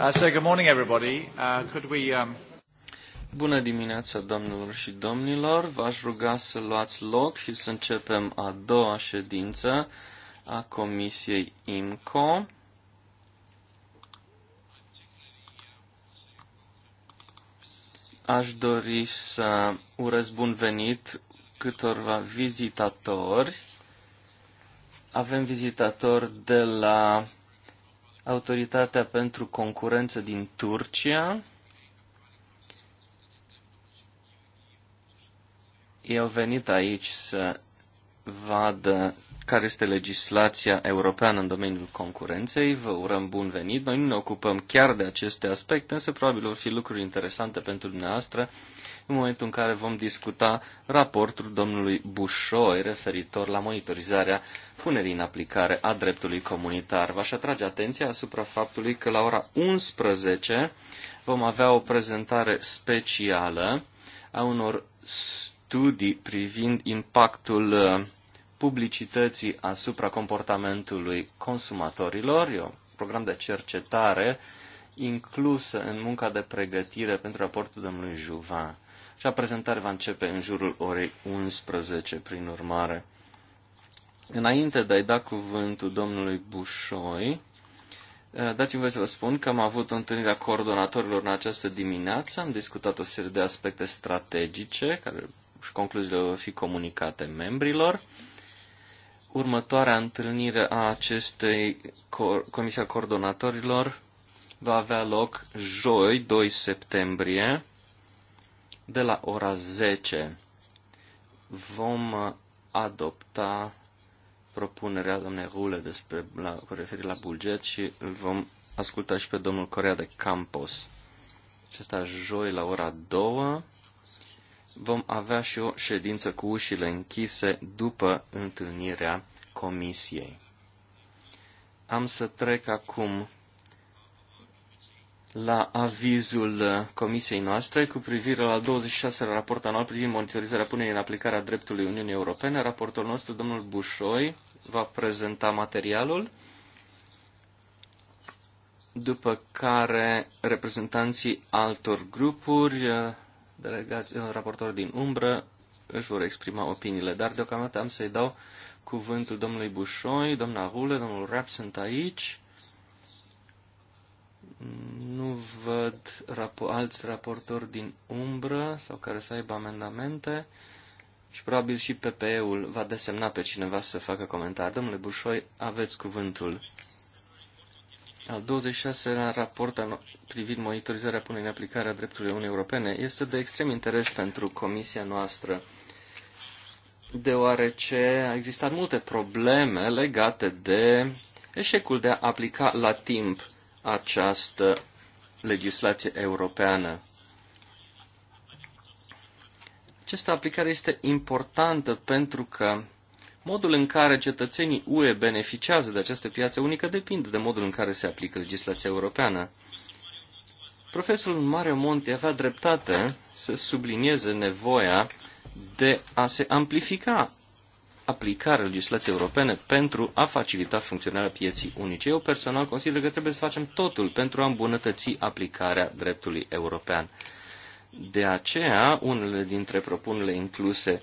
Uh, so good morning everybody. Uh, could we, um... Bună dimineața, domnilor și domnilor. V-aș ruga să luați loc și să începem a doua ședință a Comisiei IMCO. Aș dori să urez bun venit câtorva vizitatori. Avem vizitatori de la Autoritatea pentru concurență din Turcia ei au venit aici să vadă care este legislația europeană în domeniul concurenței. Vă urăm bun venit. Noi nu ne ocupăm chiar de aceste aspecte, însă probabil vor fi lucruri interesante pentru dumneavoastră în momentul în care vom discuta raportul domnului Bușoi referitor la monitorizarea punerii în aplicare a dreptului comunitar. V-aș atrage atenția asupra faptului că la ora 11 vom avea o prezentare specială a unor studii privind impactul uh, publicității asupra comportamentului consumatorilor. E un program de cercetare inclusă în munca de pregătire pentru raportul domnului Juvan și a prezentare va începe în jurul orei 11, prin urmare. Înainte de a-i da cuvântul domnului Bușoi, eh, Dați-mi voi să vă spun că am avut o întâlnire a coordonatorilor în această dimineață, am discutat o serie de aspecte strategice, care și concluziile vor fi comunicate membrilor. Următoarea întâlnire a acestei Comisia Coordonatorilor va avea loc joi, 2 septembrie, de la ora 10 vom adopta propunerea doamnei Rule despre, la, cu referire la buget și îl vom asculta și pe domnul Corea de Campos. Acesta joi la ora 2 vom avea și o ședință cu ușile închise după întâlnirea comisiei. Am să trec acum la avizul uh, comisiei noastre cu privire la 26 la raport anual privind monitorizarea punerii în aplicare a dreptului Uniunii Europene. Raportul nostru, domnul Bușoi, va prezenta materialul, după care reprezentanții altor grupuri, uh, delegați, uh, raportori din umbră, își vor exprima opiniile. Dar deocamdată am să-i dau cuvântul domnului Bușoi, doamna Rule, domnul Rap sunt aici. Nu văd rapo- alți raportori din umbră sau care să aibă amendamente și probabil și PPE-ul va desemna pe cineva să facă comentarii. Domnule Bușoi, aveți cuvântul. Al 26-lea raport privind monitorizarea punerii în aplicare a drepturilor Uniunii Europene este de extrem interes pentru comisia noastră, deoarece a existat multe probleme legate de eșecul de a aplica la timp această legislație europeană. Această aplicare este importantă pentru că modul în care cetățenii UE beneficiază de această piață unică depinde de modul în care se aplică legislația europeană. Profesorul Mario Monti avea dreptate să sublinieze nevoia de a se amplifica aplicarea legislației europene pentru a facilita funcționarea pieții unice. Eu personal consider că trebuie să facem totul pentru a îmbunătăți aplicarea dreptului european. De aceea, unele dintre propunerile incluse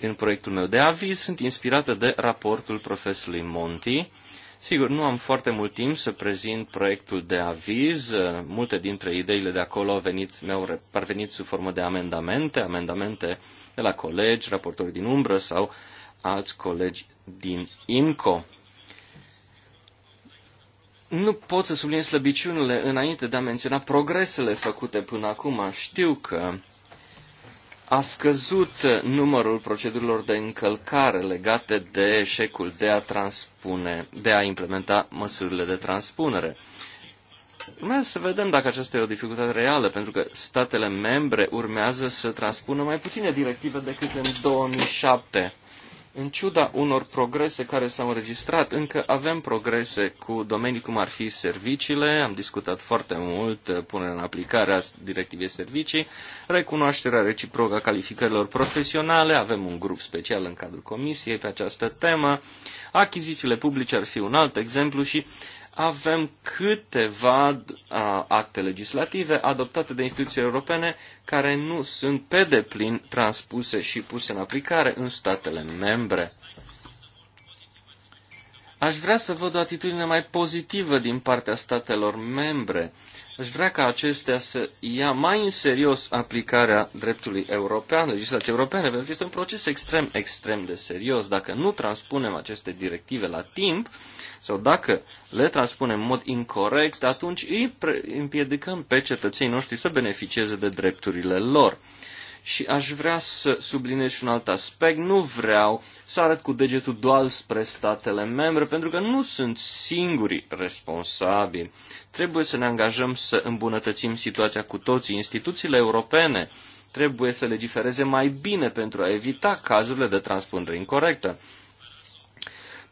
în proiectul meu de aviz sunt inspirate de raportul profesorului Monti. Sigur, nu am foarte mult timp să prezint proiectul de aviz. Multe dintre ideile de acolo au venit, mi-au parvenit sub formă de amendamente, amendamente de la colegi, raportori din umbră sau alți colegi din IMCO. Nu pot să subliniez slăbiciunile înainte de a menționa progresele făcute până acum. Știu că a scăzut numărul procedurilor de încălcare legate de eșecul de a transpune, de a implementa măsurile de transpunere. Urmează să vedem dacă aceasta e o dificultate reală, pentru că statele membre urmează să transpună mai puține directive decât în 2007. În ciuda unor progrese care s-au înregistrat, încă avem progrese cu domenii cum ar fi serviciile, am discutat foarte mult uh, punerea în aplicare a directivei servicii, recunoașterea reciprocă a calificărilor profesionale, avem un grup special în cadrul comisiei pe această temă, achizițiile publice ar fi un alt exemplu și uh, avem câteva acte legislative adoptate de instituții europene care nu sunt pe deplin transpuse și puse în aplicare în statele membre. Aș vrea să văd o atitudine mai pozitivă din partea statelor membre. Aș vrea ca acestea să ia mai în serios aplicarea dreptului european, legislației europene, pentru că este un proces extrem, extrem de serios. Dacă nu transpunem aceste directive la timp, uh, sau dacă le transpunem în mod incorrect, atunci îi împiedicăm pe cetățenii noștri să beneficieze de drepturile lor. Și aș vrea să subliniez și un alt aspect. Nu vreau să arăt cu degetul doar spre statele membre, pentru că nu sunt singurii responsabili. Trebuie să ne angajăm să îmbunătățim situația cu toții. Instituțiile europene trebuie să legifereze mai bine pentru a evita cazurile de transpunere incorrectă.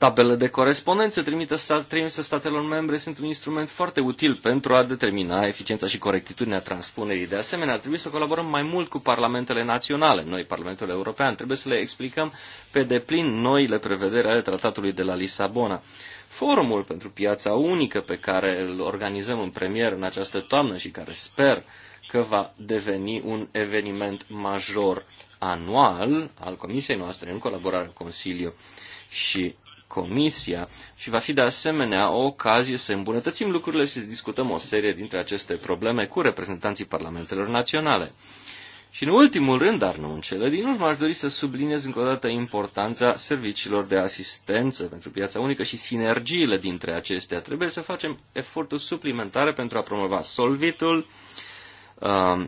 Tabele de corespondență trimise, trimise statelor membre sunt un instrument foarte util pentru a determina eficiența și corectitudinea transpunerii. De asemenea, ar trebui să colaborăm mai mult cu parlamentele naționale. Noi, Parlamentul European, trebuie să le explicăm pe deplin noile prevederi ale tratatului de la Lisabona. Forumul pentru piața unică pe care îl organizăm în premier în această toamnă și care sper că va deveni un eveniment major anual al Comisiei noastre în colaborare cu Consiliul și Comisia și va fi de asemenea o ocazie să îmbunătățim lucrurile și să discutăm o serie dintre aceste probleme cu reprezentanții parlamentelor naționale. Și în ultimul rând, dar nu în cele din urmă, aș dori să subliniez încă o dată importanța serviciilor de asistență pentru piața unică și sinergiile dintre acestea. Trebuie să facem eforturi suplimentare pentru a promova solvitul, uh,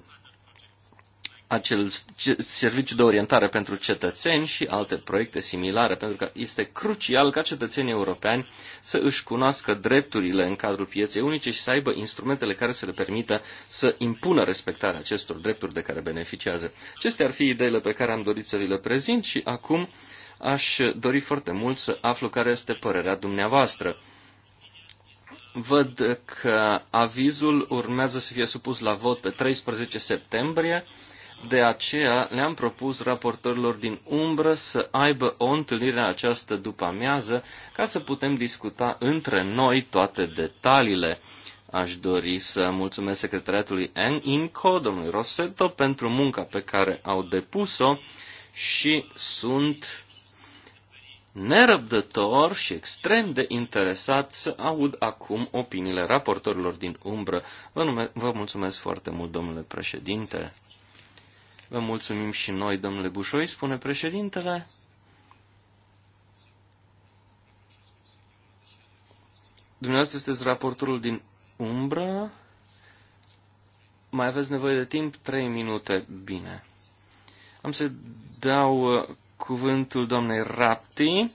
acel serviciu de orientare pentru cetățeni și alte proiecte similare, pentru că este crucial ca cetățenii europeni să își cunoască drepturile în cadrul pieței unice și să aibă instrumentele care să le permită să impună respectarea acestor drepturi de care beneficiază. Acestea ar fi ideile pe care am dorit să vi le prezint și acum aș dori foarte mult să aflu care este părerea dumneavoastră. Văd că avizul urmează să fie supus la vot pe 13 septembrie de aceea le-am propus raportorilor din umbră să aibă o întâlnire în această după-amiază ca să putem discuta între noi toate detaliile. Aș dori să mulțumesc secretariatului INCO, domnului Rosetto, pentru munca pe care au depus-o și sunt nerăbdător și extrem de interesat să aud acum opiniile raportorilor din umbră. Vă, nume- vă mulțumesc foarte mult, domnule președinte. Vă mulțumim și noi, domnule Bușoi, spune președintele. Dumneavoastră sunteți raportorul din umbră. Mai aveți nevoie de timp? Trei minute. Bine. Am să dau uh, cuvântul doamnei Rapti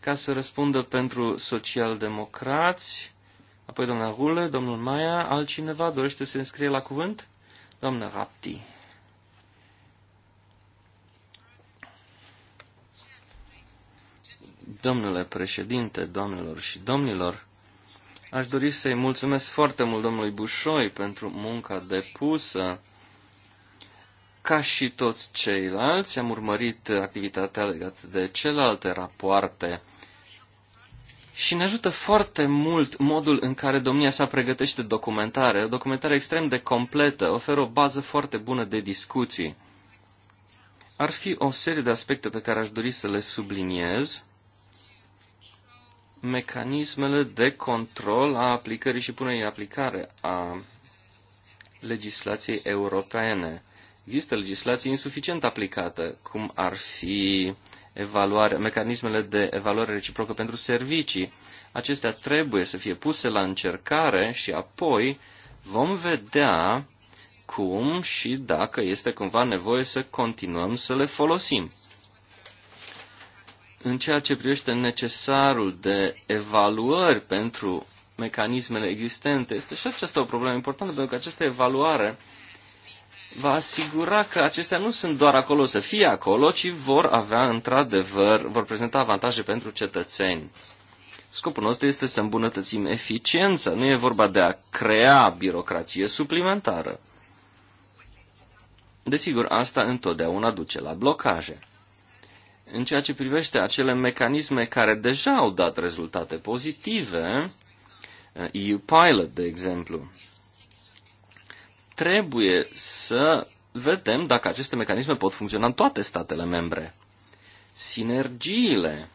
ca să răspundă pentru socialdemocrați, apoi doamna Rule, domnul Maia, altcineva dorește să se înscrie la cuvânt? Doamna Rapti. Domnule președinte, doamnelor și domnilor, aș dori să-i mulțumesc foarte mult domnului Bușoi pentru munca depusă. Ca și toți ceilalți, am urmărit activitatea legată de celelalte rapoarte și ne ajută foarte mult modul în care domnia sa pregătește documentare, o documentare extrem de completă, oferă o bază foarte bună de discuții. Ar fi o serie de aspecte pe care aș dori să le subliniez mecanismele de control a aplicării și punerii în aplicare a legislației europene. Există legislație insuficient aplicată, cum ar fi evaluare, mecanismele de evaluare reciprocă pentru servicii. Acestea trebuie să fie puse la încercare și apoi vom vedea cum și dacă este cumva nevoie să continuăm să le folosim. În ceea ce privește necesarul de evaluări pentru mecanismele existente, este și aceasta o problemă importantă, pentru că această evaluare va asigura că acestea nu sunt doar acolo să fie acolo, ci vor avea într-adevăr, vor prezenta avantaje pentru cetățeni. Scopul nostru este să îmbunătățim eficiența, nu e vorba de a crea birocrație suplimentară. Desigur, asta întotdeauna duce la blocaje în ceea ce privește acele mecanisme care deja au dat rezultate pozitive, EU eh, Pilot, de exemplu, trebuie să vedem dacă aceste mecanisme pot funcționa în toate statele membre. Sinergiile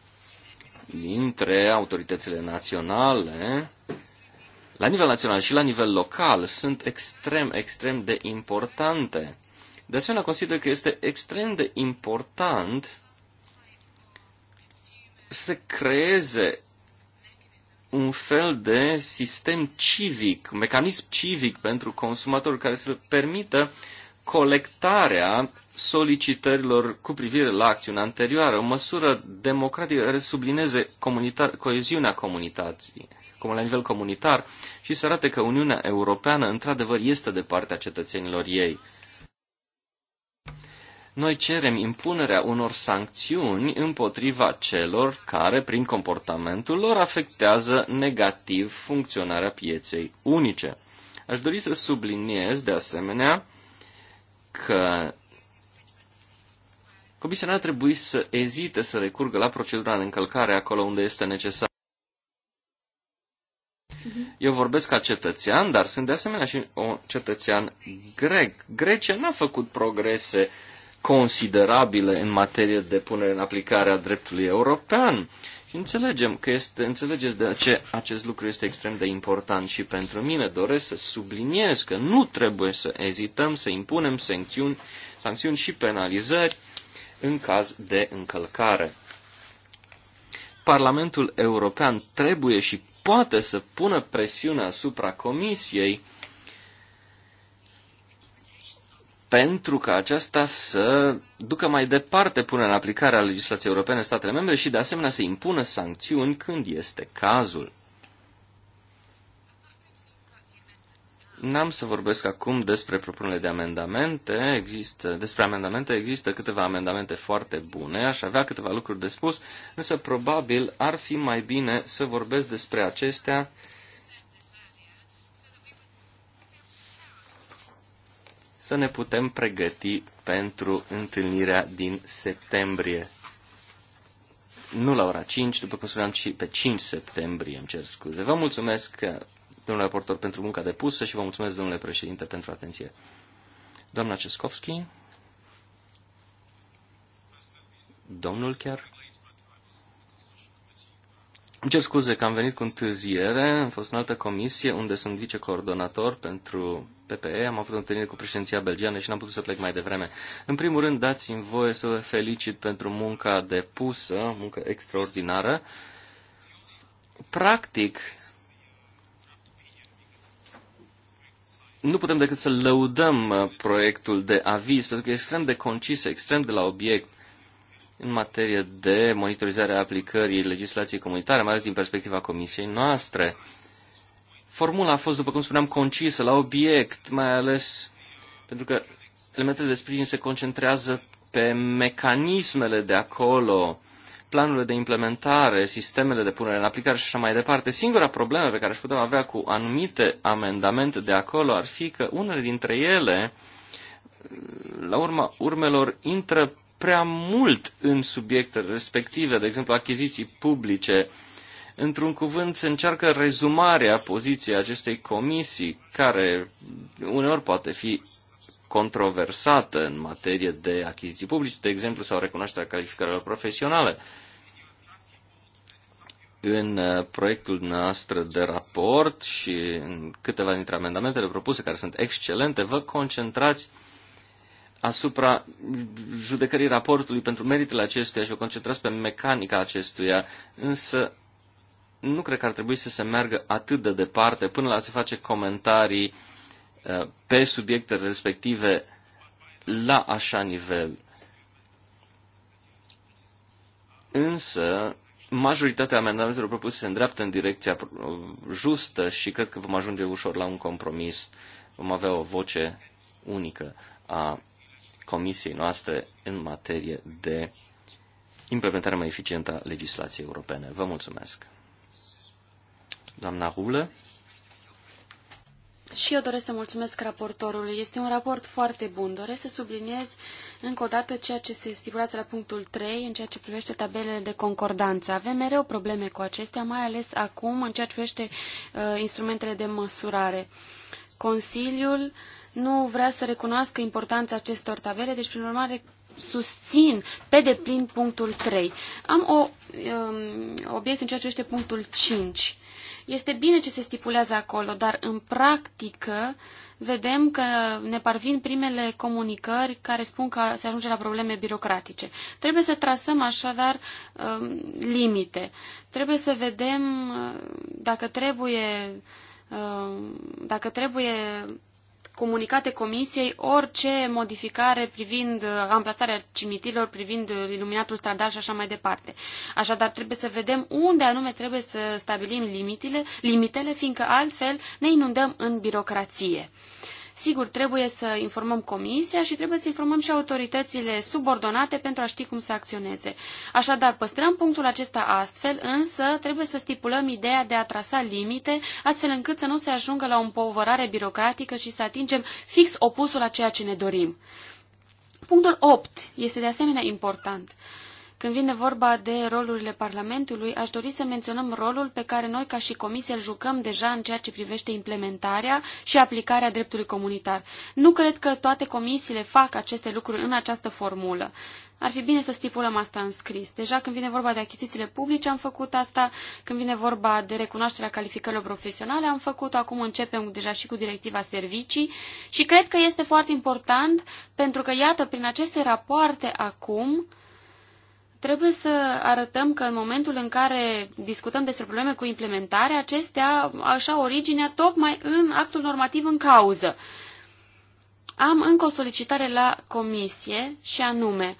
dintre autoritățile naționale, la nivel național și la nivel local, sunt extrem, extrem de importante. De asemenea, consider că este extrem de important se creeze un fel de sistem civic, un mecanism civic pentru consumator care să permită colectarea solicitărilor cu privire la acțiunea anterioară, o măsură democratică care sublineze comunitar, coeziunea comunității, cum la nivel comunitar, și să arate că Uniunea Europeană într-adevăr este de partea cetățenilor ei. Noi cerem impunerea unor sancțiuni împotriva celor care, prin comportamentul lor, afectează negativ funcționarea pieței unice. Aș dori să subliniez, de asemenea, că Comisia nu ar trebui să ezite să recurgă la procedura de încălcare acolo unde este necesar. Mhm. Eu vorbesc ca cetățean, dar sunt de asemenea și un cetățean grec. Grecia n-a făcut progrese considerabile în materie de punere în aplicare a dreptului european. Și înțelegem că este, înțelegeți de ce acest lucru este extrem de important și pentru mine. Doresc să subliniez că nu trebuie să ezităm să impunem sancțiuni, sancțiuni și penalizări în caz de încălcare. Parlamentul European trebuie și poate să pună presiune asupra Comisiei pentru ca aceasta să ducă mai departe până în aplicarea legislației europene statele membre și de asemenea să impună sancțiuni când este cazul. N-am să vorbesc acum despre propunerile de amendamente. Există, despre amendamente există câteva amendamente foarte bune. Aș avea câteva lucruri de spus, însă probabil ar fi mai bine să vorbesc despre acestea să ne putem pregăti pentru întâlnirea din septembrie. Nu la ora 5, după cum spuneam, ci pe 5 septembrie, îmi cer scuze. Vă mulțumesc, domnule raportor, pentru munca depusă și vă mulțumesc, domnule președinte, pentru atenție. Doamna Cescovski? Domnul chiar? Îmi cer scuze că am venit cu întârziere, am fost în altă comisie unde sunt vicecoordonator pentru PPE, am avut o întâlnire cu președinția belgiană și n-am putut să plec mai devreme. În primul rând, dați-mi voie să vă felicit pentru munca depusă, muncă extraordinară. Practic, nu putem decât să lăudăm uh, proiectul de aviz, pentru că e extrem de concis, extrem de la obiect în materie de monitorizare a aplicării legislației comunitare, mai ales din perspectiva comisiei noastre. Formula a fost, după cum spuneam, concisă, la obiect, mai ales pentru că elementele de sprijin se concentrează pe mecanismele de acolo, planurile de implementare, sistemele de punere în aplicare și așa mai departe. Singura problemă pe care aș putea avea cu anumite amendamente de acolo ar fi că unele dintre ele, la urma urmelor, intră prea mult în subiecte respective, de exemplu achiziții publice, Într-un cuvânt, se încearcă rezumarea poziției acestei comisii, care uneori poate fi controversată în materie de achiziții publice, de exemplu, sau recunoașterea calificărilor profesionale. În uh, proiectul noastră de raport și în câteva dintre amendamentele propuse, care sunt excelente, vă concentrați asupra judecării raportului pentru meritele acestuia și vă concentrați pe mecanica acestuia, însă nu cred că ar trebui să se meargă atât de departe până la a se face comentarii uh, pe subiectele respective la așa nivel. Însă, majoritatea amendamentelor propuse se îndreaptă în direcția uh, justă și cred că vom ajunge ușor la un compromis. Vom avea o voce unică a comisiei noastre în materie de implementare mai eficientă a legislației europene. Vă mulțumesc! Doamna Rulă. Și eu doresc să mulțumesc raportorului. Este un raport foarte bun. Doresc să subliniez încă o dată ceea ce se stipulează la punctul 3 în ceea ce privește tabelele de concordanță. Avem mereu probleme cu acestea, mai ales acum în ceea ce privește uh, instrumentele de măsurare. Consiliul nu vrea să recunoască importanța acestor tabele, deci prin urmare susțin pe deplin punctul 3. Am o um, obiect în ceea ce este punctul 5. Este bine ce se stipulează acolo, dar în practică vedem că ne parvin primele comunicări care spun că se ajunge la probleme birocratice. Trebuie să trasăm așadar um, limite. Trebuie să vedem uh, dacă trebuie um, dacă trebuie comunicate comisiei orice modificare privind uh, amplasarea cimitirilor, privind uh, iluminatul stradal și așa mai departe. Așadar, trebuie să vedem unde anume trebuie să stabilim limitele, limitele fiindcă altfel ne inundăm în birocrație. Uh, Sigur, trebuie să informăm comisia și trebuie să informăm și autoritățile subordonate pentru a ști cum să acționeze. Așadar, păstrăm punctul acesta astfel, însă trebuie să stipulăm ideea de a trasa limite, astfel încât să nu se ajungă la o împovărare birocratică și să atingem fix opusul a ceea ce ne dorim. Punctul 8 este de asemenea important. Când vine vorba de rolurile Parlamentului, aș dori să menționăm rolul pe care noi ca și Comisie îl jucăm deja în ceea ce privește implementarea și aplicarea dreptului comunitar. Nu cred că toate comisiile fac aceste lucruri în această formulă. Ar fi bine să stipulăm asta în scris. Deja când vine vorba de achizițiile publice am făcut asta, când vine vorba de recunoașterea calificărilor profesionale am făcut, o acum începem deja și cu directiva servicii și cred că este foarte important pentru că, iată, prin aceste rapoarte acum, Trebuie să arătăm că în momentul în care discutăm despre probleme cu implementare, acestea așa originea tocmai în actul normativ în cauză. Am încă o solicitare la comisie și anume,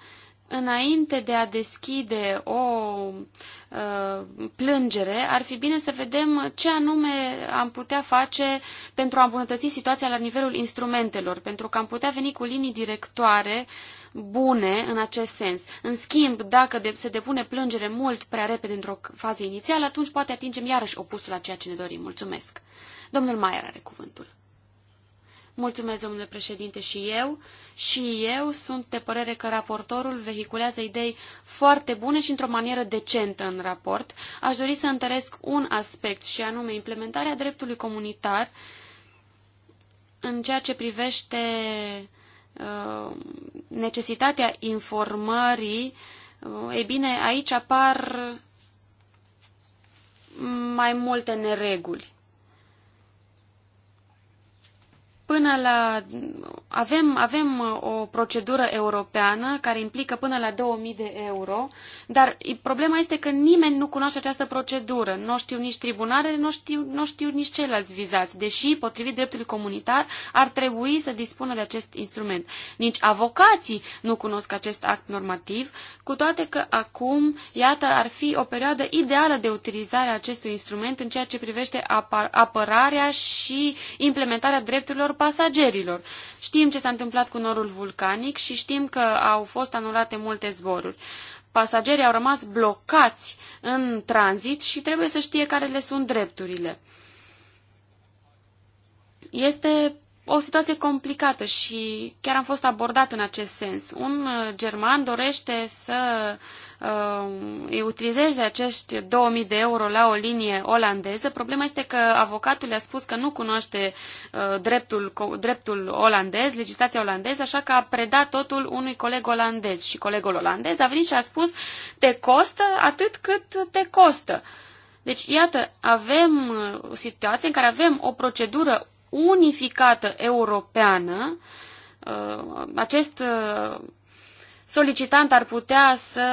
înainte de a deschide o uh, plângere, ar fi bine să vedem ce anume am putea face pentru a îmbunătăți situația la nivelul instrumentelor, pentru că am putea veni cu linii directoare uh, bune în acest sens. În schimb, dacă se depune plângere mult prea repede într-o fază inițială, atunci poate atingem iarăși opusul la ceea ce ne dorim. Mulțumesc. Domnul Maier are cuvântul. Mulțumesc, domnule președinte, și eu. Și eu sunt de părere că raportorul vehiculează idei foarte bune și într-o manieră decentă în raport. Aș dori să întăresc un aspect și anume implementarea dreptului comunitar în ceea ce privește Uh, necesitatea informării, uh, e bine, aici apar mai multe nereguli. până la... Avem, avem o procedură europeană care implică până la 2000 de euro, dar problema este că nimeni nu cunoaște această procedură. Nu știu nici tribunalele, nu știu, nu știu nici ceilalți vizați, deși, potrivit dreptului comunitar, ar trebui să dispună de acest instrument. Nici avocații nu cunosc acest act normativ, cu toate că acum, iată, ar fi o perioadă ideală de utilizare a acestui instrument în ceea ce privește apărarea și implementarea drepturilor pasagerilor. Știm ce s-a întâmplat cu norul vulcanic și știm că au fost anulate multe zboruri. Pasagerii au rămas blocați în tranzit și trebuie să știe care le sunt drepturile. Este o situație complicată și chiar am fost abordat în acest sens. Un uh, german dorește să uh, utilizeze acești 2000 de euro la o linie olandeză. Problema este că avocatul i a spus că nu cunoaște uh, dreptul, dreptul olandez, legislația olandeză, așa că a predat totul unui coleg olandez. Și colegul olandez a venit și a spus, te costă atât cât te costă. Deci, iată, avem uh, o situație în care avem o procedură unificată europeană, uh, acest uh, solicitant ar putea să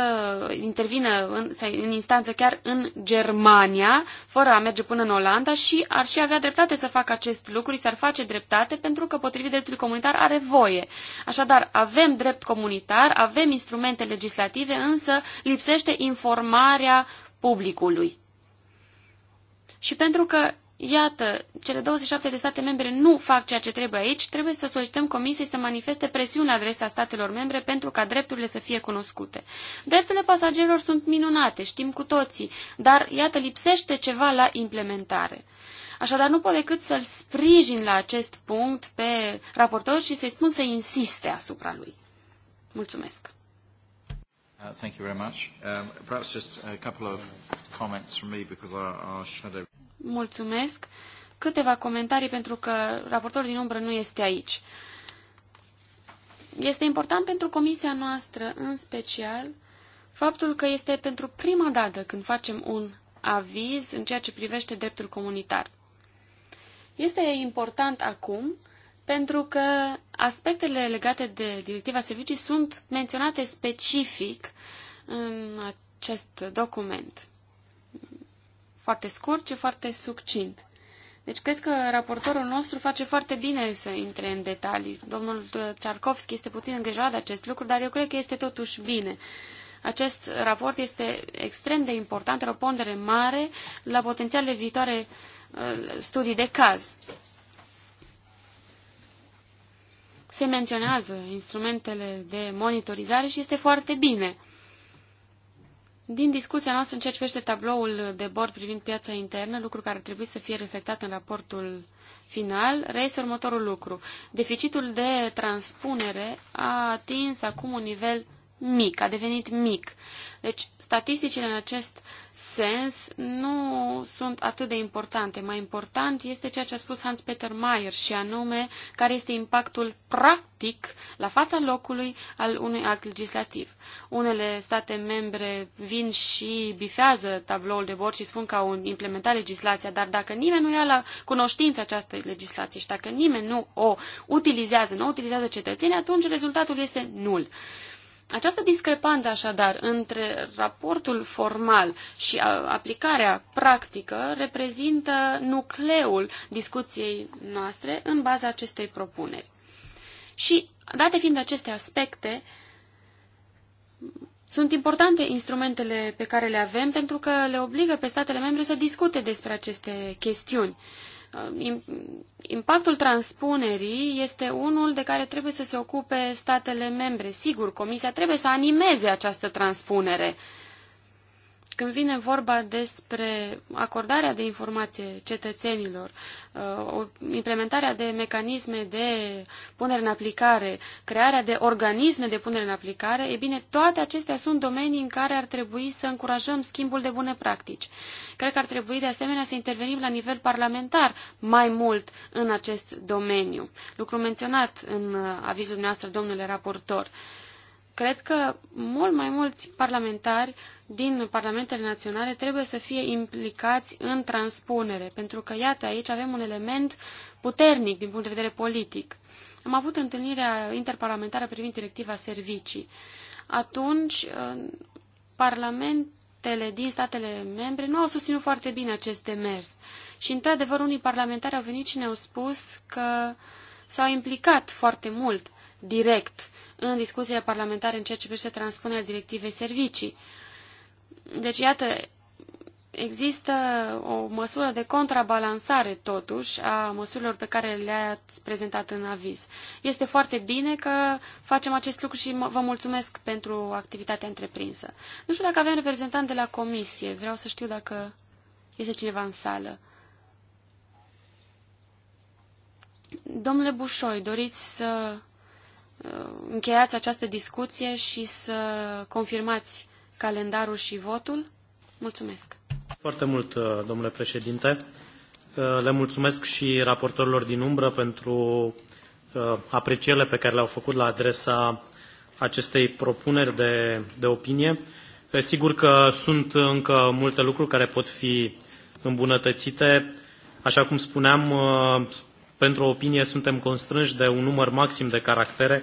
intervină în, în instanță chiar în Germania, fără a merge până în Olanda și ar și avea dreptate să facă acest lucru, și s-ar face dreptate pentru că potrivit dreptului comunitar are voie. Așadar, avem drept comunitar, avem instrumente legislative, însă lipsește informarea publicului. Și pentru că iată, cele 27 de state membre nu fac ceea ce trebuie aici, trebuie să solicităm comisiei să manifeste presiune la adresa statelor membre pentru ca drepturile să fie cunoscute. Drepturile pasagerilor sunt minunate, știm cu toții, dar iată, lipsește ceva la implementare. Așadar, nu pot decât să-l sprijin la acest punct pe raportor și să-i spun să insiste asupra lui. Mulțumesc! Uh, thank you very much. Um, perhaps just a couple of comments from me because our, our shadow... Mulțumesc. Câteva comentarii pentru că raportorul din umbră nu este aici. Este important pentru comisia noastră, în special, faptul că este pentru prima dată când facem un aviz în ceea ce privește dreptul comunitar. Este important acum pentru că aspectele legate de directiva servicii sunt menționate specific în acest document foarte scurt, ci foarte succint. Deci cred că raportorul nostru face foarte bine să intre în detalii. Domnul Cearkovski este puțin îngrijorat de acest lucru, dar eu cred că este totuși bine. Acest raport este extrem de important, are o pondere mare la potențiale viitoare uh, studii de caz. Se menționează instrumentele de monitorizare și este foarte bine. Din discuția noastră în ceea ce privește tabloul de bord privind piața internă, lucru care trebuie să fie reflectat în raportul final, reiese următorul lucru. Deficitul de transpunere a atins acum un nivel mic, a devenit mic. Deci, statisticile în acest uh, sens nu sunt atât de importante. Mai important este ceea ce a spus Hans-Peter Mayer și anume care este impactul practic la fața locului al unui act legislativ. Unele state membre vin și bifează tabloul de bord și spun că au implementat legislația, dar dacă nimeni nu ia la cunoștință această legislație și dacă nimeni nu o utilizează, nu o utilizează cetățenii, atunci rezultatul este nul. Această discrepanță, așadar, între raportul formal și aplicarea practică reprezintă nucleul discuției noastre în baza acestei propuneri. Și, date fiind aceste aspecte, sunt importante instrumentele pe care le avem pentru că le obligă pe statele membre să discute despre aceste chestiuni. Impactul transpunerii este unul de care trebuie să se ocupe statele membre. Sigur, Comisia trebuie să animeze această transpunere. Când vine vorba despre acordarea de informație cetățenilor, uh, implementarea de mecanisme de punere în aplicare, crearea de organisme de punere în aplicare, e bine, toate acestea sunt domenii în care ar trebui să încurajăm schimbul de bune practici. Cred că ar trebui de asemenea să intervenim la nivel parlamentar mai mult în acest domeniu. Lucru menționat în uh, avizul noastră, domnule raportor. Uh, Cred că mult mai mulți parlamentari din parlamentele naționale trebuie să fie implicați în transpunere, pentru că, iată, aici avem un element puternic din punct de vedere politic. Am avut întâlnirea interparlamentară privind directiva servicii. Atunci, parlamentele din statele membre nu au susținut foarte bine acest demers. Și, într-adevăr, unii parlamentari au venit și ne-au spus că s-au implicat foarte mult direct în discuțiile parlamentare în ceea ce privește transpunerea directivei servicii. Deci, iată, există o măsură de contrabalansare, totuși, a măsurilor pe care le-ați prezentat în aviz. Este foarte bine că facem acest lucru și vă mulțumesc pentru activitatea întreprinsă. Nu știu dacă avem reprezentant de la comisie. Vreau să știu dacă este cineva în sală. Domnule Bușoi, doriți să Uh, încheiați această discuție și să confirmați calendarul și votul. Mulțumesc! Foarte mult, uh, domnule președinte. Uh, le mulțumesc și raportorilor din umbră pentru aprecierile pe care le-au făcut la adresa acestei propuneri de, de opinie. Sigur că sunt încă multe lucruri care pot fi îmbunătățite. Așa cum spuneam, pentru opinie suntem constrânși de un număr maxim de caractere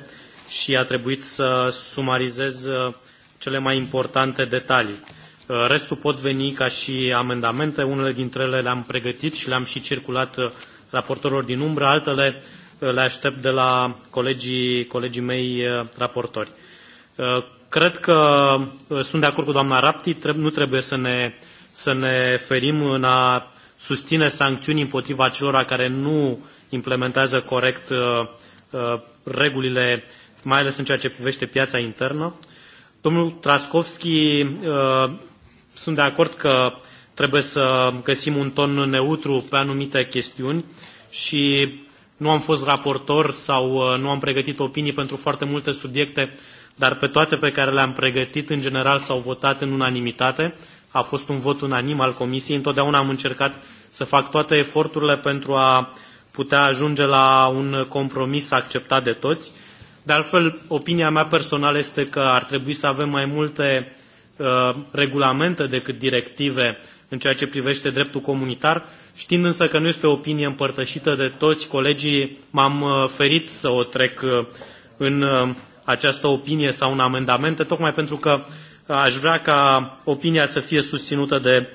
și a trebuit să sumarizez uh, cele mai importante detalii. Uh, restul pot veni ca și amendamente, unele dintre ele le-am pregătit și le-am și circulat uh, raportorilor din umbră, altele le aștept de la colegii, colegii mei raportori. Cred că sunt de acord cu doamna Rapti, nu trebuie să ne, să ne ferim în a susține sancțiuni împotriva celor care nu implementează corect uh, uh, regulile, mai ales în ceea ce privește piața internă. Domnul Traskovski, uh, sunt de acord că trebuie să găsim un ton neutru pe anumite chestiuni și nu am fost raportor sau nu am pregătit opinii pentru foarte multe subiecte, dar pe toate pe care le-am pregătit, în general, s-au votat în unanimitate. A fost un vot unanim al Comisiei. Întotdeauna am încercat să fac toate eforturile pentru a putea ajunge la un compromis acceptat de toți. De altfel, opinia mea personală este că ar trebui să avem mai multe uh, regulamente decât directive în ceea ce privește dreptul comunitar, știind însă că nu este o opinie împărtășită de toți colegii, m-am uh, ferit să o trec uh, în uh, această opinie sau în amendamente, tocmai pentru că aș vrea ca opinia să fie susținută de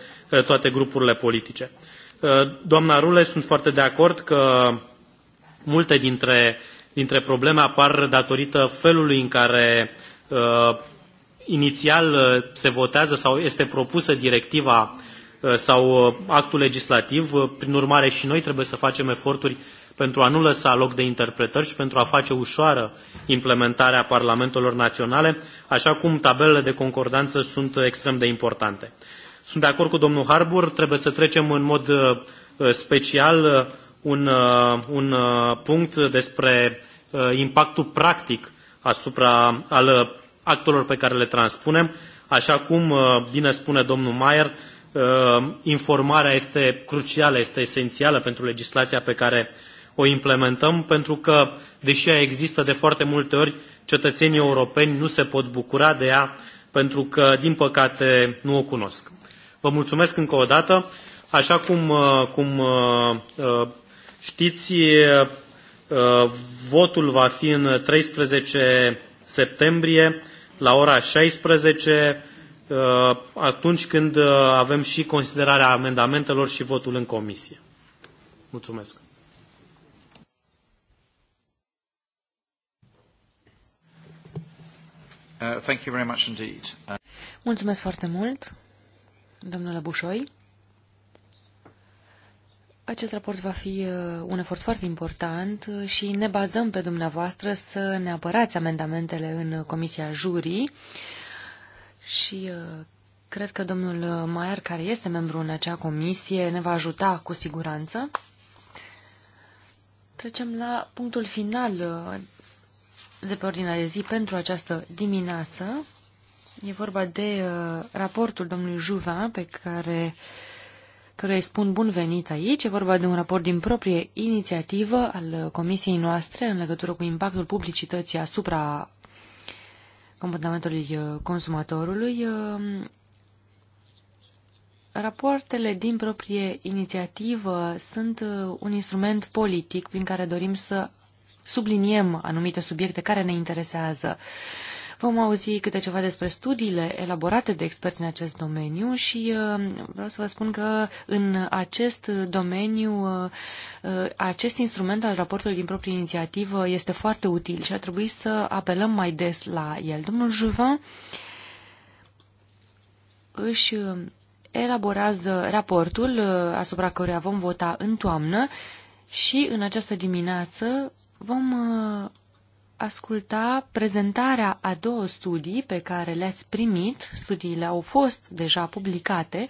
toate grupurile politice. Uh, doamna Rule, sunt foarte de acord că multe dintre, dintre probleme apar datorită felului în care uh, inițial uh, se votează sau este propusă directiva uh, sau uh, actul legislativ. Prin urmare și noi trebuie să facem eforturi pentru a nu lăsa loc de interpretări și pentru a face ușoară implementarea parlamentelor naționale, așa cum tabelele de concordanță sunt extrem de importante. Sunt de acord cu domnul Harbour, trebuie să trecem în mod uh, uh, special uh, un, un punct despre impactul practic asupra al actelor pe care le transpunem. Așa cum bine spune domnul Mayer, informarea este crucială, este esențială pentru legislația pe care o implementăm, pentru că, deși ea există de foarte multe ori, cetățenii europeni nu se pot bucura de ea pentru că, din păcate, nu o cunosc. Vă mulțumesc încă o dată. Așa cum, uh, cum uh, uh, știți, votul va fi în 13 septembrie la ora 16, atunci când avem și considerarea amendamentelor și votul în comisie. Mulțumesc. Uh, thank you very much indeed. Uh... Mulțumesc foarte mult. Domnule Bușoi, acest raport va fi uh, un efort foarte important și ne bazăm pe dumneavoastră să ne apărați amendamentele în Comisia Jurii și uh, cred că domnul Maier, care este membru în acea comisie, ne va ajuta cu siguranță. Trecem la punctul final uh, de pe ordinea de zi pentru această dimineață. E vorba de uh, raportul domnului Juvin, pe care care îi spun bun venit aici. E vorba de un raport din proprie inițiativă al uh, comisiei noastre în legătură cu impactul publicității asupra comportamentului uh, consumatorului. Uh, rapoartele din proprie inițiativă sunt un instrument politic prin care dorim să subliniem anumite subiecte care ne interesează. Vom auzi câte ceva despre studiile elaborate de experți în acest domeniu și uh, vreau să vă spun că în acest domeniu uh, uh, acest instrument al raportului din proprie inițiativă este foarte util și ar trebui să apelăm mai des la el. Domnul Juvin își elaborează raportul asupra căruia vom vota în toamnă și în această dimineață vom asculta prezentarea a două studii pe care le-ați primit, studiile au fost deja publicate,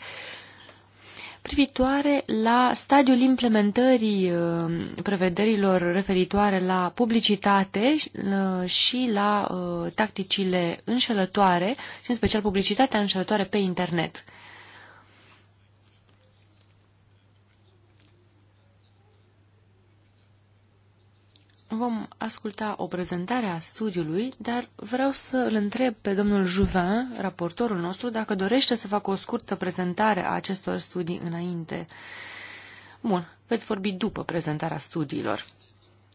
privitoare la stadiul implementării uh, prevederilor referitoare la publicitate uh, și la uh, tacticile înșelătoare, și în special publicitatea înșelătoare pe internet. vom asculta o prezentare a studiului, dar vreau să îl întreb pe domnul Juvin, raportorul nostru, dacă dorește să facă o scurtă prezentare a acestor studii înainte. Bun, veți vorbi după prezentarea studiilor.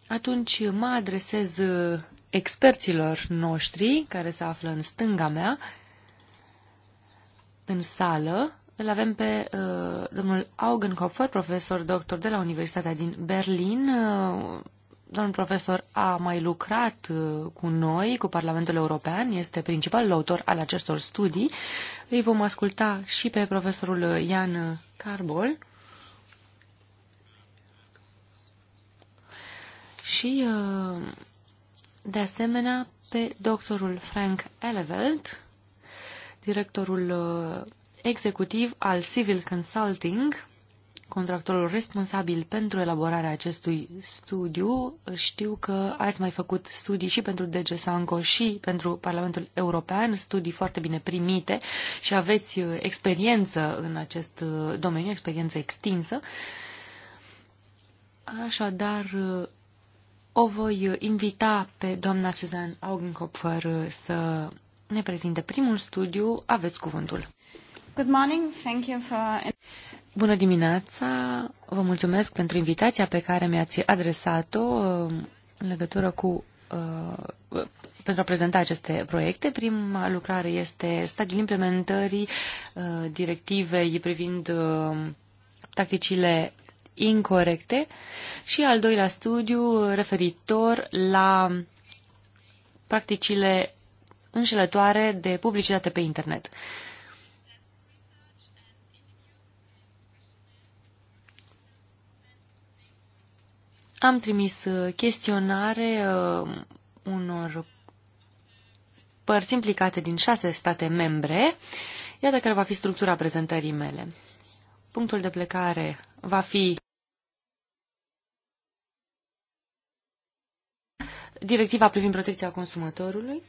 Atunci mă adresez uh, experților noștri, care se află în stânga mea, în sală. Îl avem pe uh, domnul Augenkopfer, profesor doctor de la Universitatea din Berlin, uh, domnul profesor a mai lucrat uh, cu noi, cu Parlamentul European, este principalul autor al acestor studii. Îi vom asculta și pe profesorul Ian Carbol. Și, uh, de asemenea, pe doctorul Frank Elevelt, directorul uh, executiv al Civil Consulting, contractorul responsabil pentru elaborarea acestui studiu. Știu că ați mai făcut studii și pentru DG Sanco și pentru Parlamentul European, studii foarte bine primite și aveți uh, experiență în acest uh, domeniu, experiență extinsă. Așadar, uh, o voi invita pe doamna Susan Augenkopfer să ne prezinte primul studiu. Aveți cuvântul. Good morning. Thank you for... Bună dimineața! Vă mulțumesc pentru invitația pe care mi-ați adresat-o în legătură cu uh, pentru a prezenta aceste proiecte. Prima lucrare este stadiul implementării uh, directivei privind uh, tacticile incorrecte și al doilea studiu referitor la practicile înșelătoare de publicitate pe internet. Uh, Am trimis uh, chestionare uh, unor părți implicate din șase state membre. Iată care va fi structura prezentării mele. Punctul de plecare va fi directiva privind protecția consumatorului.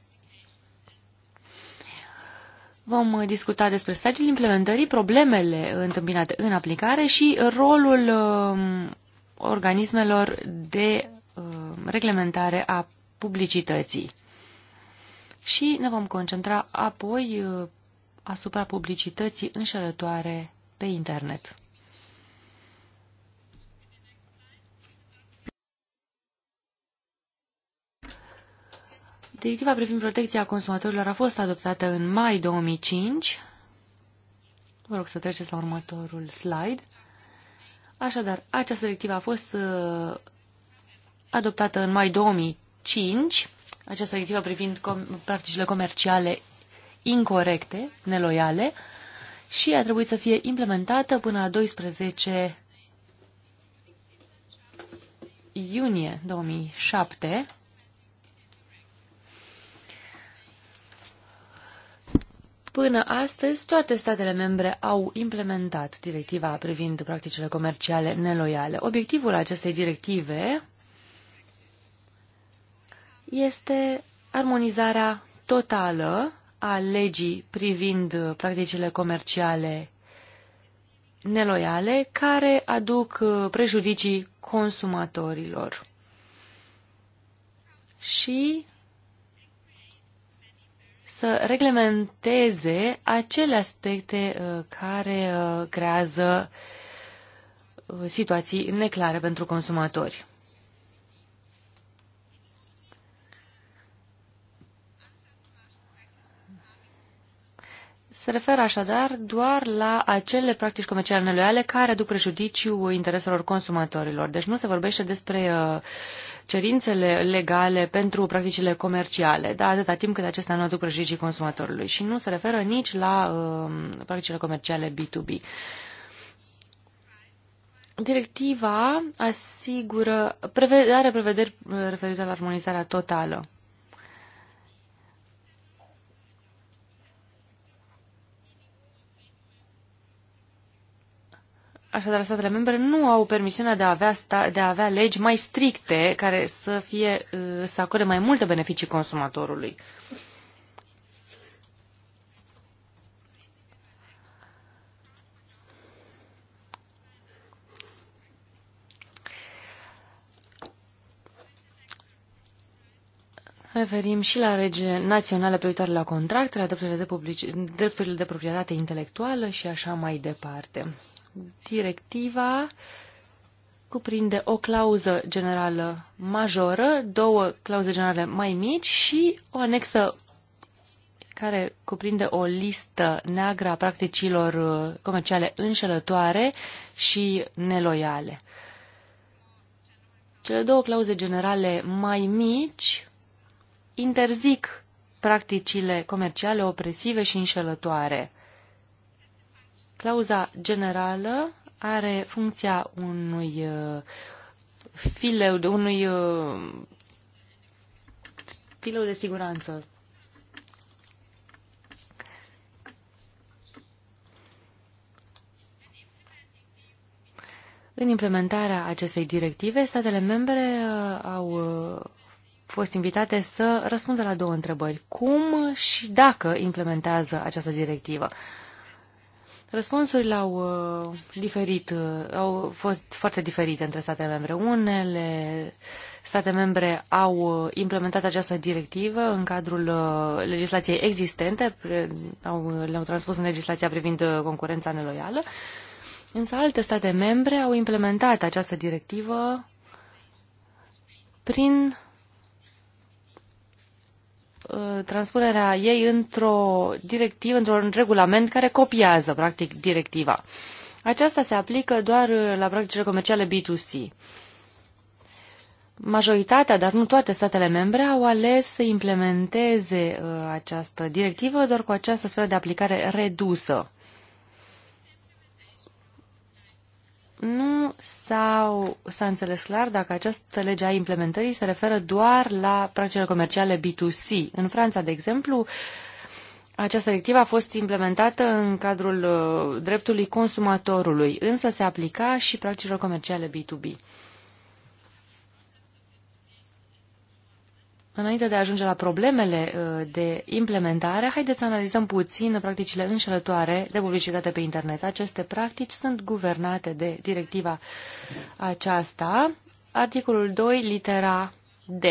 Vom uh, discuta despre stadiul implementării, problemele întâmpinate în aplicare și rolul um, organismelor de uh, reglementare a publicității. Și ne vom concentra apoi uh, asupra publicității înșelătoare pe internet. Directiva privind protecția consumatorilor a fost adoptată în mai 2005. Vă rog să treceți la următorul slide. Așadar, această directivă a fost uh, adoptată în mai 2005, această directivă privind com- practicile comerciale incorrecte, neloiale, și a trebuit să fie implementată până la 12 iunie 2007, Până astăzi, toate statele membre au implementat directiva privind practicile comerciale neloiale. Obiectivul acestei directive este armonizarea totală a legii privind practicile comerciale neloiale care aduc prejudicii consumatorilor. Și să reglementeze acele aspecte uh, care uh, creează uh, situații neclare pentru consumatori. Se referă așadar doar la acele practici comerciale neloiale care aduc prejudiciu intereselor consumatorilor. Deci nu se vorbește despre uh, cerințele legale pentru practicile comerciale, dar atâta timp cât acestea nu aduc prejudicii consumatorului și nu se referă nici la uh, practicile comerciale B2B. Directiva asigură, are prevederi uh, referitoare la armonizarea totală. Așadar, statele membre nu au permisiunea de a avea, sta, de a avea legi mai stricte care să, fie, uh, să acorde mai multe beneficii consumatorului. Referim și la rege naționale privitoare la contracte, la drepturile de, publici, drepturile de proprietate intelectuală și așa mai departe. Directiva cuprinde o clauză generală majoră, două clauze generale mai mici și o anexă care cuprinde o listă neagră a practicilor uh, comerciale înșelătoare și neloiale. Cele două clauze generale mai mici interzic practicile comerciale opresive și înșelătoare. Clauza generală are funcția unui uh, fileu, de unui uh, fileu de siguranță. În implementarea acestei directive, statele membre uh, au fost invitate să răspundă la două întrebări. Cum și dacă implementează această directivă? Răspunsurile au uh, diferit, uh, au fost foarte diferite între state membre. Unele state membre au uh, implementat această directivă în cadrul uh, legislației existente, pre, au, le-au transpus în legislația privind uh, concurența neloială, însă alte state membre au implementat această directivă prin Uh, transpunerea ei într-o directivă, într-un regulament care copiază, practic, directiva. Aceasta se aplică doar uh, la practicile comerciale B2C. Majoritatea, dar nu toate statele membre, au ales să implementeze uh, această directivă doar cu această sferă de aplicare redusă. nu s-au, s-a înțeles clar dacă această lege a implementării se referă doar la practicile comerciale B2C. În Franța, de exemplu, această directivă a fost implementată în cadrul uh, dreptului consumatorului, însă se aplica și practicilor comerciale B2B. Înainte de a ajunge la problemele uh, de implementare, haideți să analizăm puțin practicile înșelătoare de publicitate pe internet. Aceste practici sunt guvernate de directiva aceasta, articolul 2, litera D.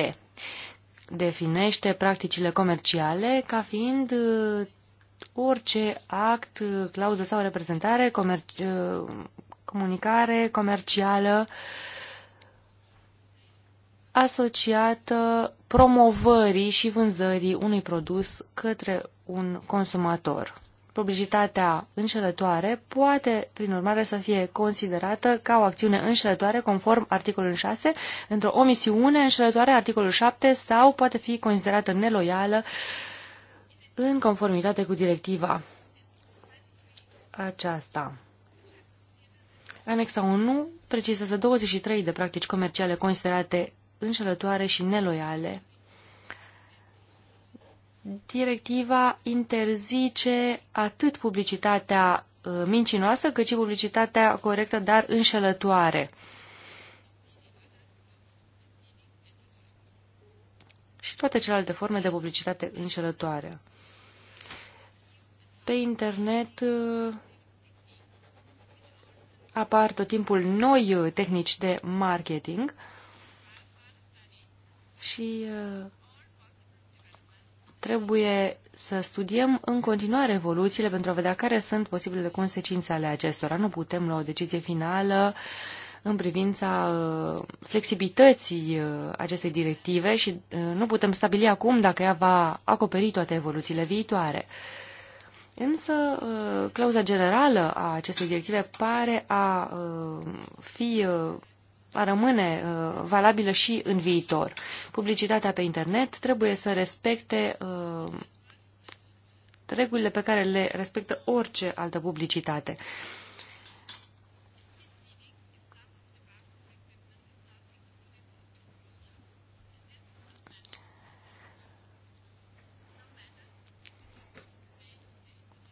Definește practicile comerciale ca fiind uh, orice act, uh, clauză sau reprezentare, comer comunicare comercială, uh, asociată promovării și vânzării unui produs către un consumator. Publicitatea înșelătoare poate, prin urmare, să fie considerată ca o acțiune înșelătoare conform articolul 6, într-o omisiune înșelătoare articolul 7 sau poate fi considerată neloială în conformitate cu directiva aceasta. Anexa 1 precizează 23 de practici comerciale considerate înșelătoare și neloiale. Directiva interzice atât publicitatea uh, mincinoasă, cât și publicitatea corectă, dar înșelătoare. Și toate celelalte forme de publicitate înșelătoare. Pe internet uh, apar tot timpul noi tehnici de marketing și uh, trebuie să studiem în continuare evoluțiile pentru a vedea care sunt posibilele consecințe ale acestora. Nu putem lua o decizie finală în privința uh, flexibilității uh, acestei directive și nu putem stabili acum dacă ea va acoperi toate evoluțiile viitoare. Însă, clauza generală a acestei directive pare a fi va rămâne uh, valabilă și în viitor. Publicitatea pe internet trebuie să respecte uh, regulile pe care le respectă orice altă publicitate.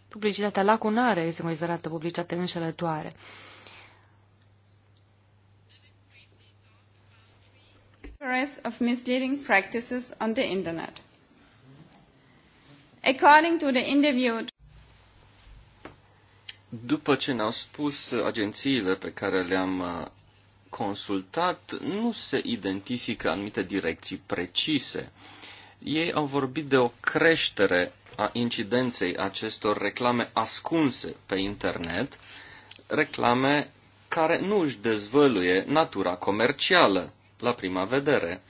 Publicitatea lacunare este considerată publicitate înșelătoare. Perez of misleading practices on the internet. According to the interviewed după ce ne-au spus agențiile pe care le-am uh, consultat, nu se identifică anumite direcții precise. Ei au vorbit de o creștere a incidenței acestor reclame ascunse pe internet, reclame care nu își dezvăluie natura comercială la prima vedere.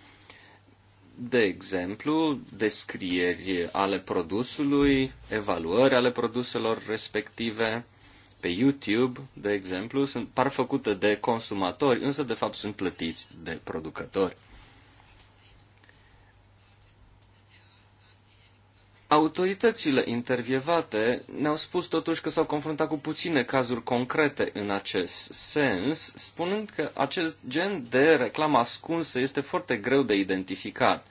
De exemplu, descrieri ale produsului, evaluări ale produselor respective. Pe YouTube, de exemplu, sunt, par făcute de consumatori, însă de fapt sunt plătiți de producători. Autoritățile intervievate ne-au spus totuși că s-au confruntat cu puține cazuri concrete în acest sens, spunând că acest gen de reclamă ascunsă este foarte greu de identificat.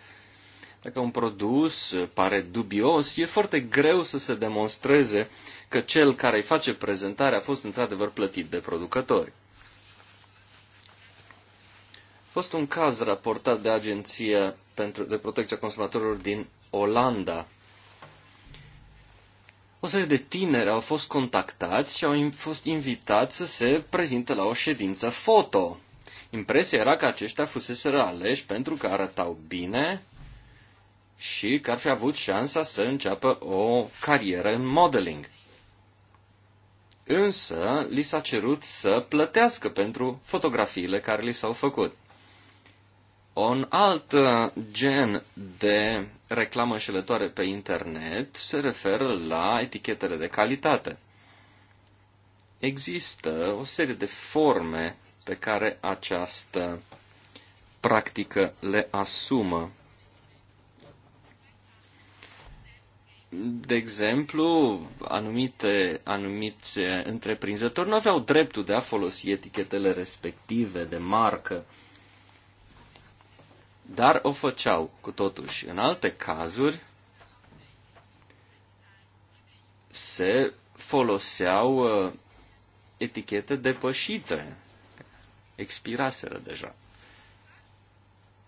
Dacă un produs pare dubios, e foarte greu să se demonstreze că cel care îi face prezentarea a fost într-adevăr plătit de producători. A fost un caz raportat de Agenția pentru, de Protecția Consumatorilor din Olanda, o serie de tineri au fost contactați și au fost invitați să se prezinte la o ședință foto. Impresia era că aceștia fuseseră aleși pentru că arătau bine și că ar fi avut șansa să înceapă o carieră în modeling. Însă, li s-a cerut să plătească pentru fotografiile care li s-au făcut. Un alt uh, gen de reclamă înșelătoare pe internet se referă la etichetele de calitate. Există o serie de forme pe care această practică le asumă. De exemplu, anumite, anumite întreprinzători nu aveau dreptul de a folosi etichetele respective de marcă dar o făceau cu totuși. În alte cazuri se foloseau uh, etichete depășite, expiraseră deja.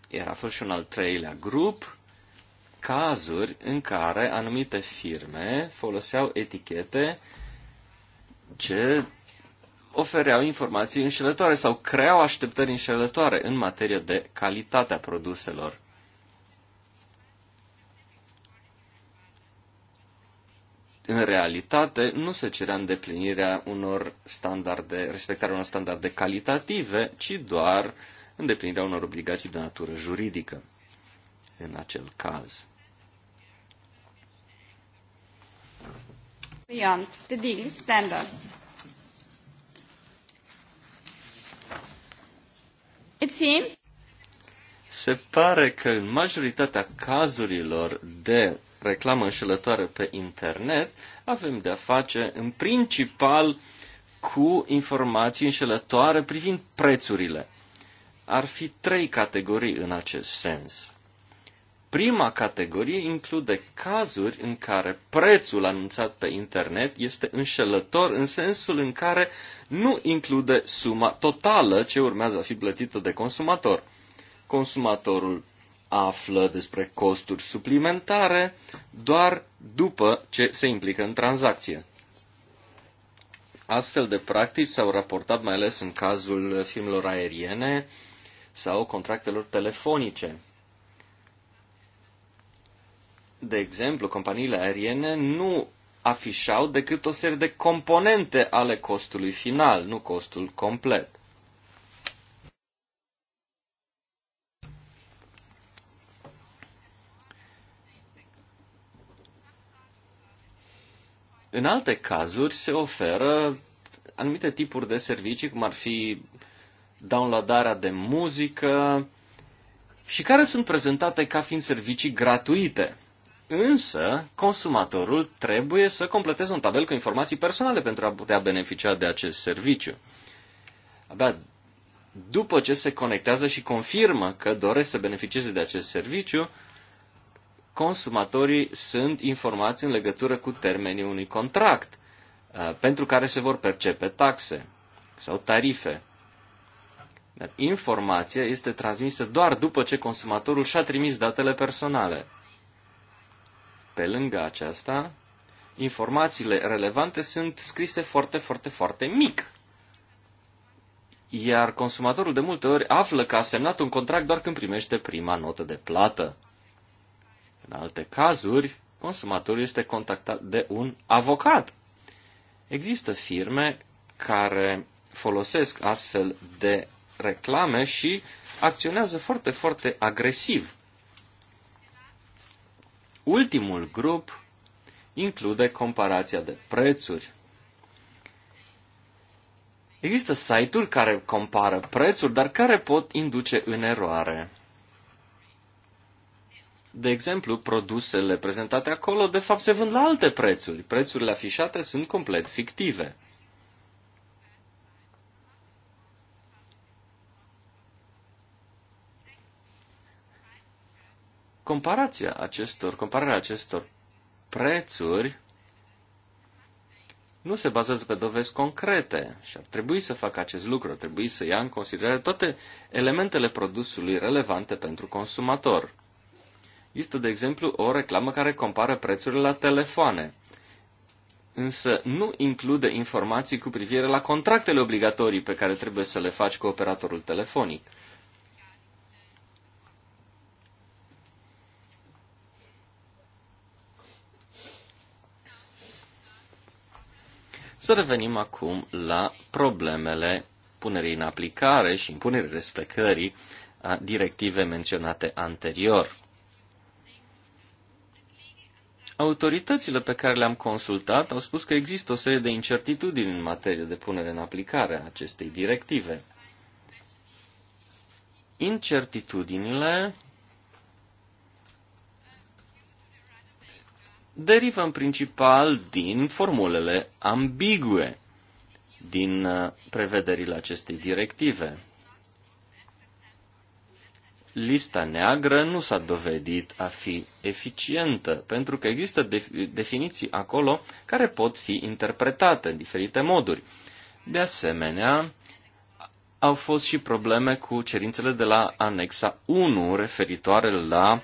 Era fost și un al treilea grup, cazuri în care anumite firme foloseau etichete ce ofereau informații înșelătoare sau creau așteptări înșelătoare în materie de calitatea produselor. În realitate, nu se cerea îndeplinirea unor standarde, respectarea unor standarde calitative, ci doar îndeplinirea unor obligații de natură juridică în acel caz. Beyond the standard. It seems. Se pare că în majoritatea cazurilor de reclamă înșelătoare pe internet avem de-a face în principal cu informații înșelătoare privind prețurile. Ar fi trei categorii în acest sens. Prima categorie include cazuri în care prețul anunțat pe internet este înșelător în sensul în care nu include suma totală ce urmează a fi plătită de consumator. Consumatorul află despre costuri suplimentare doar după ce se implică în tranzacție. Astfel de practici s-au raportat mai ales în cazul filmelor aeriene sau contractelor telefonice de exemplu, companiile aeriene nu afișau decât o serie de componente ale costului final, nu costul complet. În alte cazuri se oferă anumite tipuri de servicii, cum ar fi downloadarea de muzică, și care sunt prezentate ca fiind servicii gratuite însă consumatorul trebuie să completeze un tabel cu informații personale pentru a putea beneficia de acest serviciu. Abia după ce se conectează și confirmă că doresc să beneficieze de acest serviciu, consumatorii sunt informați în legătură cu termenii unui contract uh, pentru care se vor percepe taxe sau tarife. Dar informația este transmisă doar după ce consumatorul și-a trimis datele personale. Pe lângă aceasta, informațiile relevante sunt scrise foarte, foarte, foarte mic. Iar consumatorul de multe ori află că a semnat un contract doar când primește prima notă de plată. În alte cazuri, consumatorul este contactat de un avocat. Există firme care folosesc astfel de reclame și acționează foarte, foarte agresiv. Ultimul grup include comparația de prețuri. Există site-uri care compară prețuri, dar care pot induce în eroare. De exemplu, produsele prezentate acolo de fapt se vând la alte prețuri. Prețurile afișate sunt complet fictive. comparația acestor, compararea acestor prețuri nu se bazează pe dovezi concrete și ar trebui să facă acest lucru, ar trebui să ia în considerare toate elementele produsului relevante pentru consumator. Este, de exemplu, o reclamă care compară prețurile la telefoane, însă nu include informații cu privire la contractele obligatorii pe care trebuie să le faci cu operatorul telefonic. Să revenim acum la problemele punerii în aplicare și impunerii respectării a directive menționate anterior. Autoritățile pe care le-am consultat au spus că există o serie de incertitudini în materie de punere în aplicare a acestei directive. Incertitudinile derivă în principal din formulele ambigue din uh, prevederile acestei directive. Lista neagră nu s-a dovedit a fi eficientă, pentru că există definiții acolo care pot fi interpretate în diferite moduri. De asemenea, au fost și probleme cu cerințele de la anexa 1 referitoare la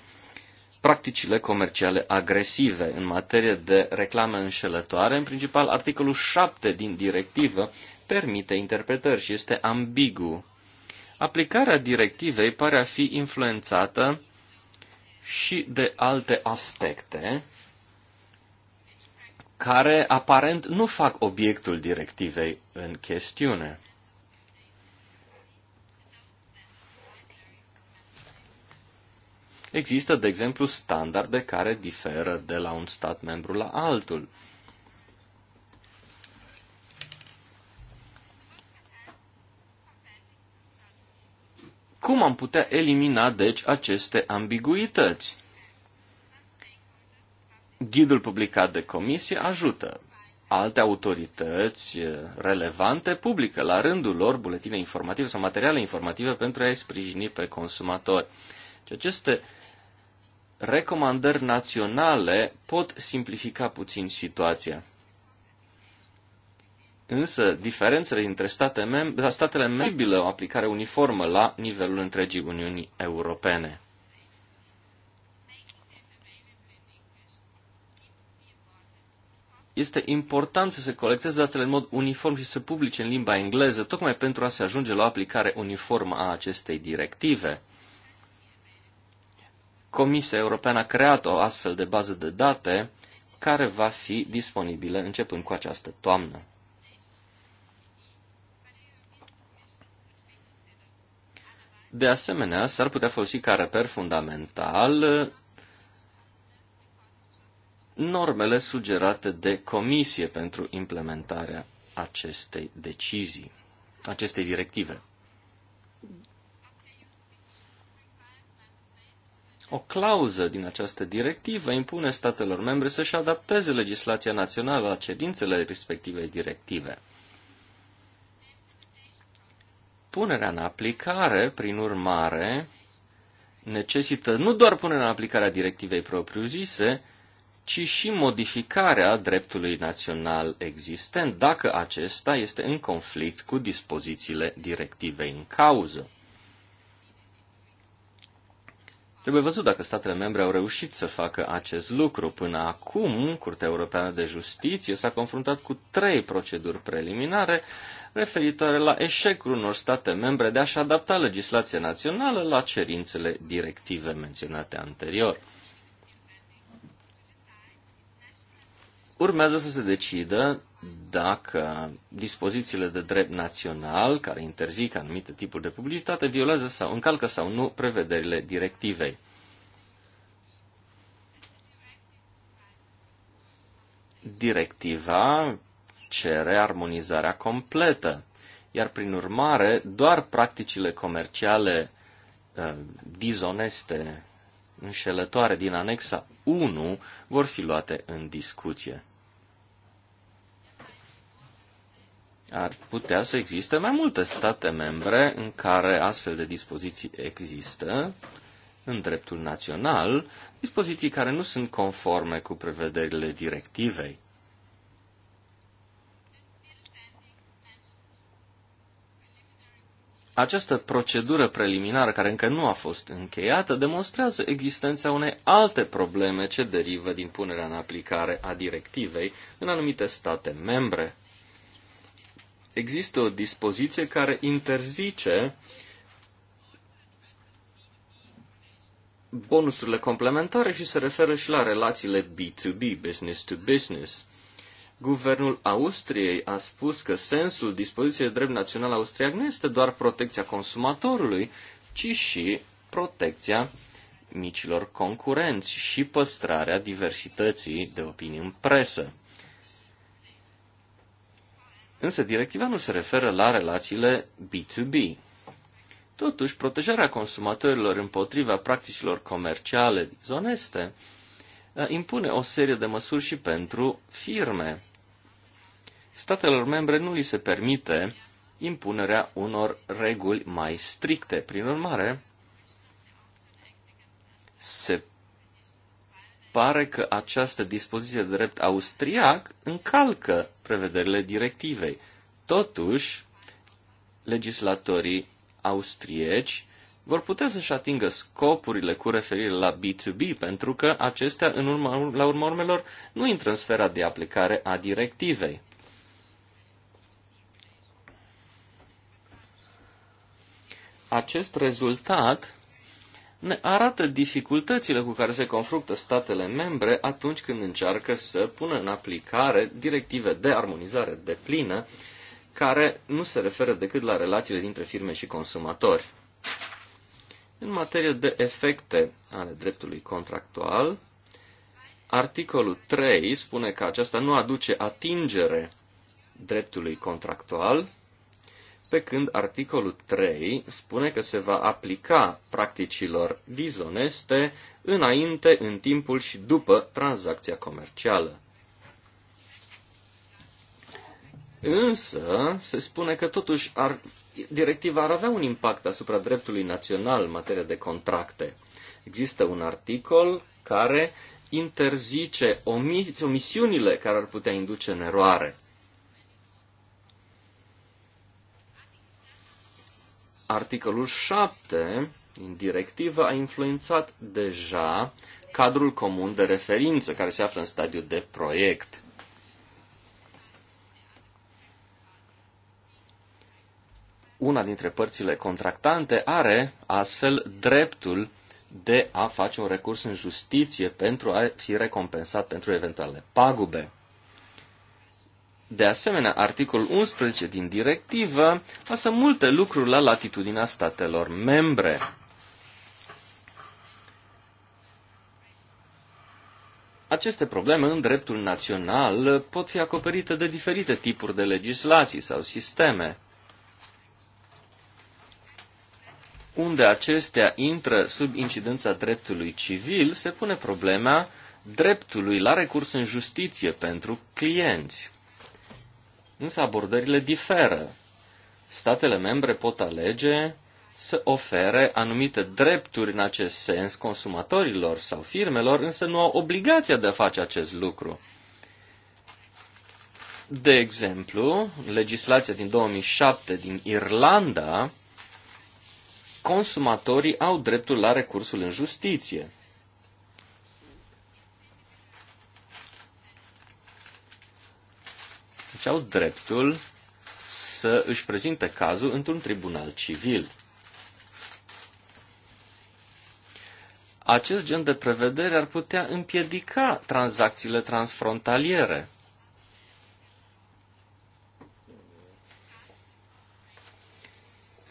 practicile comerciale agresive în materie de reclame înșelătoare. În principal, articolul 7 din directivă permite interpretări și este ambigu. Aplicarea directivei pare a fi influențată și de alte aspecte care aparent nu fac obiectul directivei în chestiune. Există, de exemplu, standarde care diferă de la un stat membru la altul. Cum am putea elimina, deci, aceste ambiguități? Ghidul publicat de comisie ajută. Alte autorități eh, relevante publică la rândul lor buletine informative sau materiale informative pentru a-i sprijini pe consumatori. Și deci aceste recomandări naționale pot simplifica puțin situația. Însă, diferențele dintre state mem- statele membre o aplicare uniformă la nivelul întregii Uniunii Europene. Este important să se colecteze datele în mod uniform și să publice în limba engleză, tocmai pentru a se ajunge la o aplicare uniformă a acestei directive. Comisia Europeană a creat o astfel de bază de date care va fi disponibilă începând cu această toamnă. De asemenea, s-ar putea folosi ca reper fundamental normele sugerate de comisie pentru implementarea acestei decizii, acestei directive. O clauză din această directivă impune statelor membre să-și adapteze legislația națională la cerințele respectivei directive. Punerea în aplicare, prin urmare, necesită nu doar punerea în aplicare a directivei propriu-zise, ci și modificarea dreptului național existent, dacă acesta este în conflict cu dispozițiile directivei în cauză. Trebuie văzut dacă statele membre au reușit să facă acest lucru. Până acum, Curtea Europeană de Justiție s-a confruntat cu trei proceduri preliminare referitoare la eșecul unor state membre de a-și adapta legislația națională la cerințele directive menționate anterior. Urmează să se decidă dacă dispozițiile de drept național, care interzic anumite tipuri de publicitate, violează sau încalcă sau nu prevederile directivei. Directiva cere armonizarea completă, iar prin urmare doar practicile comerciale uh, dizoneste, înșelătoare din anexa 1 vor fi luate în discuție. ar putea să existe mai multe state membre în care astfel de dispoziții există în dreptul național, dispoziții care nu sunt conforme cu prevederile directivei. Această procedură preliminară, care încă nu a fost încheiată, demonstrează existența unei alte probleme ce derivă din punerea în aplicare a directivei în anumite state membre există o dispoziție care interzice bonusurile complementare și se referă și la relațiile B2B, business to business. Guvernul Austriei a spus că sensul dispoziției de drept național austriac nu este doar protecția consumatorului, ci și protecția micilor concurenți și păstrarea diversității de opinii în presă. Însă directiva nu se referă la relațiile B2B. Totuși, protejarea consumatorilor împotriva practicilor comerciale dizoneste eh, impune o serie de măsuri și pentru firme. Statelor membre nu li se permite impunerea unor reguli mai stricte. Prin urmare, se pare că această dispoziție de drept austriac încalcă prevederile directivei. Totuși, legislatorii austrieci vor putea să-și atingă scopurile cu referire la B2B, pentru că acestea, în urma, la urma urmelor, nu intră în sfera de aplicare a directivei. Acest rezultat ne arată dificultățile cu care se confruntă statele membre atunci când încearcă să pună în aplicare directive de armonizare de plină care nu se referă decât la relațiile dintre firme și consumatori. În materie de efecte ale dreptului contractual, articolul 3 spune că aceasta nu aduce atingere dreptului contractual, pe când articolul 3 spune că se va aplica practicilor dizoneste înainte, în timpul și după tranzacția comercială. Însă, se spune că totuși ar, directiva ar avea un impact asupra dreptului național în materie de contracte. Există un articol care interzice omisiunile care ar putea induce în eroare. Articolul 7 din directivă a influențat deja cadrul comun de referință care se află în stadiu de proiect. Una dintre părțile contractante are astfel dreptul de a face un recurs în justiție pentru a fi recompensat pentru eventuale pagube. De asemenea, articolul 11 din directivă lasă multe lucruri la latitudinea statelor membre. Aceste probleme în dreptul național pot fi acoperite de diferite tipuri de legislații sau sisteme. Unde acestea intră sub incidența dreptului civil, se pune problema dreptului la recurs în justiție pentru clienți. Însă abordările diferă. Statele membre pot alege să ofere anumite drepturi în acest sens consumatorilor sau firmelor, însă nu au obligația de a face acest lucru. De exemplu, legislația din 2007 din Irlanda, consumatorii au dreptul la recursul în justiție. Deci au dreptul să își prezinte cazul într-un tribunal civil. Acest gen de prevedere ar putea împiedica tranzacțiile transfrontaliere.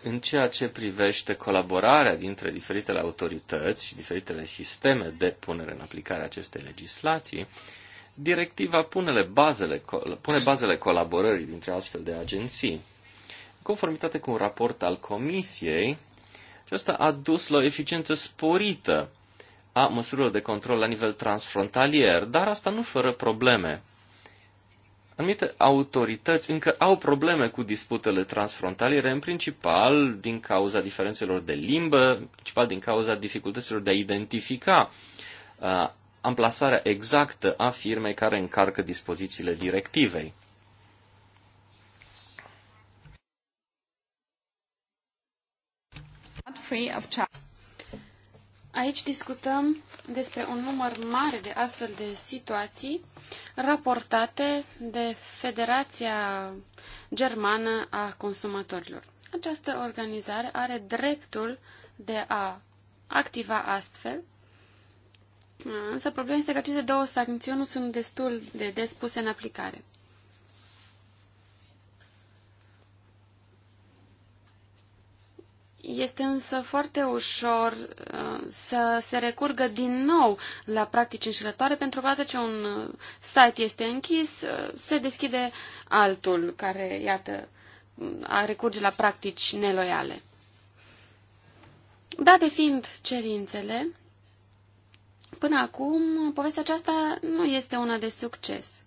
În ceea ce privește colaborarea dintre diferitele autorități și diferitele sisteme de punere în aplicare a acestei legislații, Directiva pune bazele, pune bazele colaborării dintre astfel de agenții. În conformitate cu un raport al Comisiei, acesta a dus la o eficiență sporită a măsurilor de control la nivel transfrontalier, dar asta nu fără probleme. Anumite autorități încă au probleme cu disputele transfrontaliere, în principal din cauza diferențelor de limbă, în principal din cauza dificultăților de a identifica uh, amplasarea exactă a firmei care încarcă dispozițiile directivei. Aici discutăm despre un număr mare de astfel de situații raportate de Federația Germană a Consumatorilor. Această organizare are dreptul de a activa astfel Însă problema este că aceste două sancțiuni nu sunt destul de des puse în aplicare. Este însă foarte ușor uh, să se recurgă din nou la practici înșelătoare, pentru că odată ce un uh, site este închis, uh, se deschide altul care, iată, a recurge la practici neloiale. Date fiind cerințele, Până acum, povestea aceasta nu este una de succes.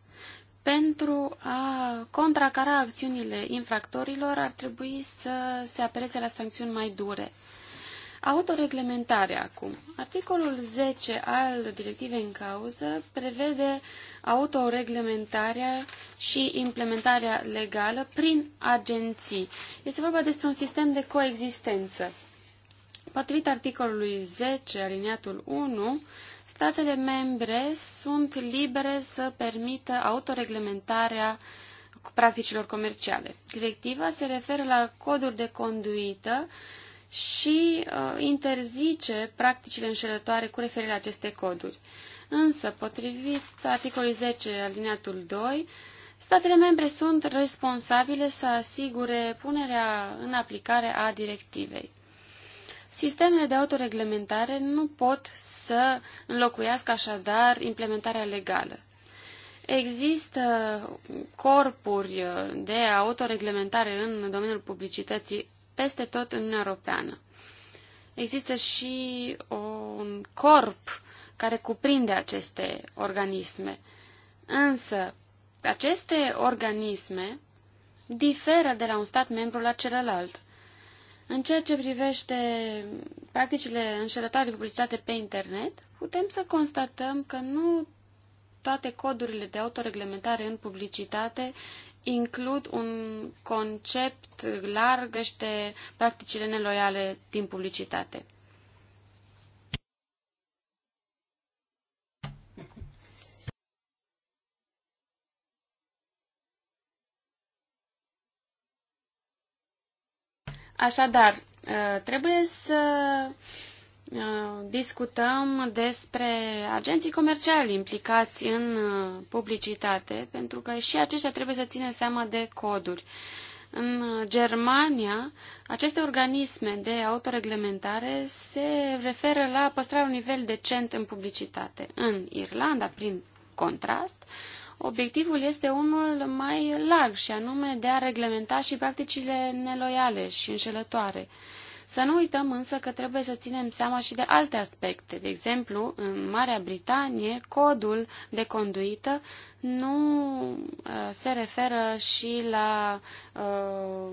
Pentru a contracara acțiunile infractorilor, ar trebui să se apeleze la sancțiuni mai dure. Autoreglementarea acum. Articolul 10 al directivei în cauză prevede autoreglementarea și implementarea legală prin agenții. Este vorba despre un sistem de coexistență. Potrivit articolului 10, aliniatul 1, statele membre sunt libere să permită autoreglementarea practicilor comerciale. Directiva se referă la coduri de conduită și uh, interzice practicile înșelătoare cu referire la aceste coduri. Însă, potrivit articolului 10 aliniatul 2, statele membre sunt responsabile să asigure punerea în aplicare a directivei. Sistemele de autoreglementare nu pot să înlocuiască așadar implementarea legală. Există corpuri de autoreglementare în domeniul publicității peste tot în Uniunea Europeană. Există și un corp care cuprinde aceste organisme. Însă, aceste organisme diferă de la un stat membru la celălalt. În ceea ce privește practicile înșelătoare publicitate pe internet, putem să constatăm că nu toate codurile de autoreglementare în publicitate includ un concept larg de practicile neloiale din publicitate. Așadar, uh, trebuie să uh, discutăm despre agenții comerciali implicați în uh, publicitate, pentru că și aceștia trebuie să țină seama de coduri. În Germania, aceste organisme de autoreglementare se referă la păstrarea un nivel decent în publicitate. În Irlanda, prin contrast, uh, obiectivul este unul mai larg și anume de a reglementa și practicile neloiale și înșelătoare. Să nu uităm însă că trebuie să ținem seama și de alte aspecte. De exemplu, în Marea Britanie, codul de conduită nu uh, se referă și la uh,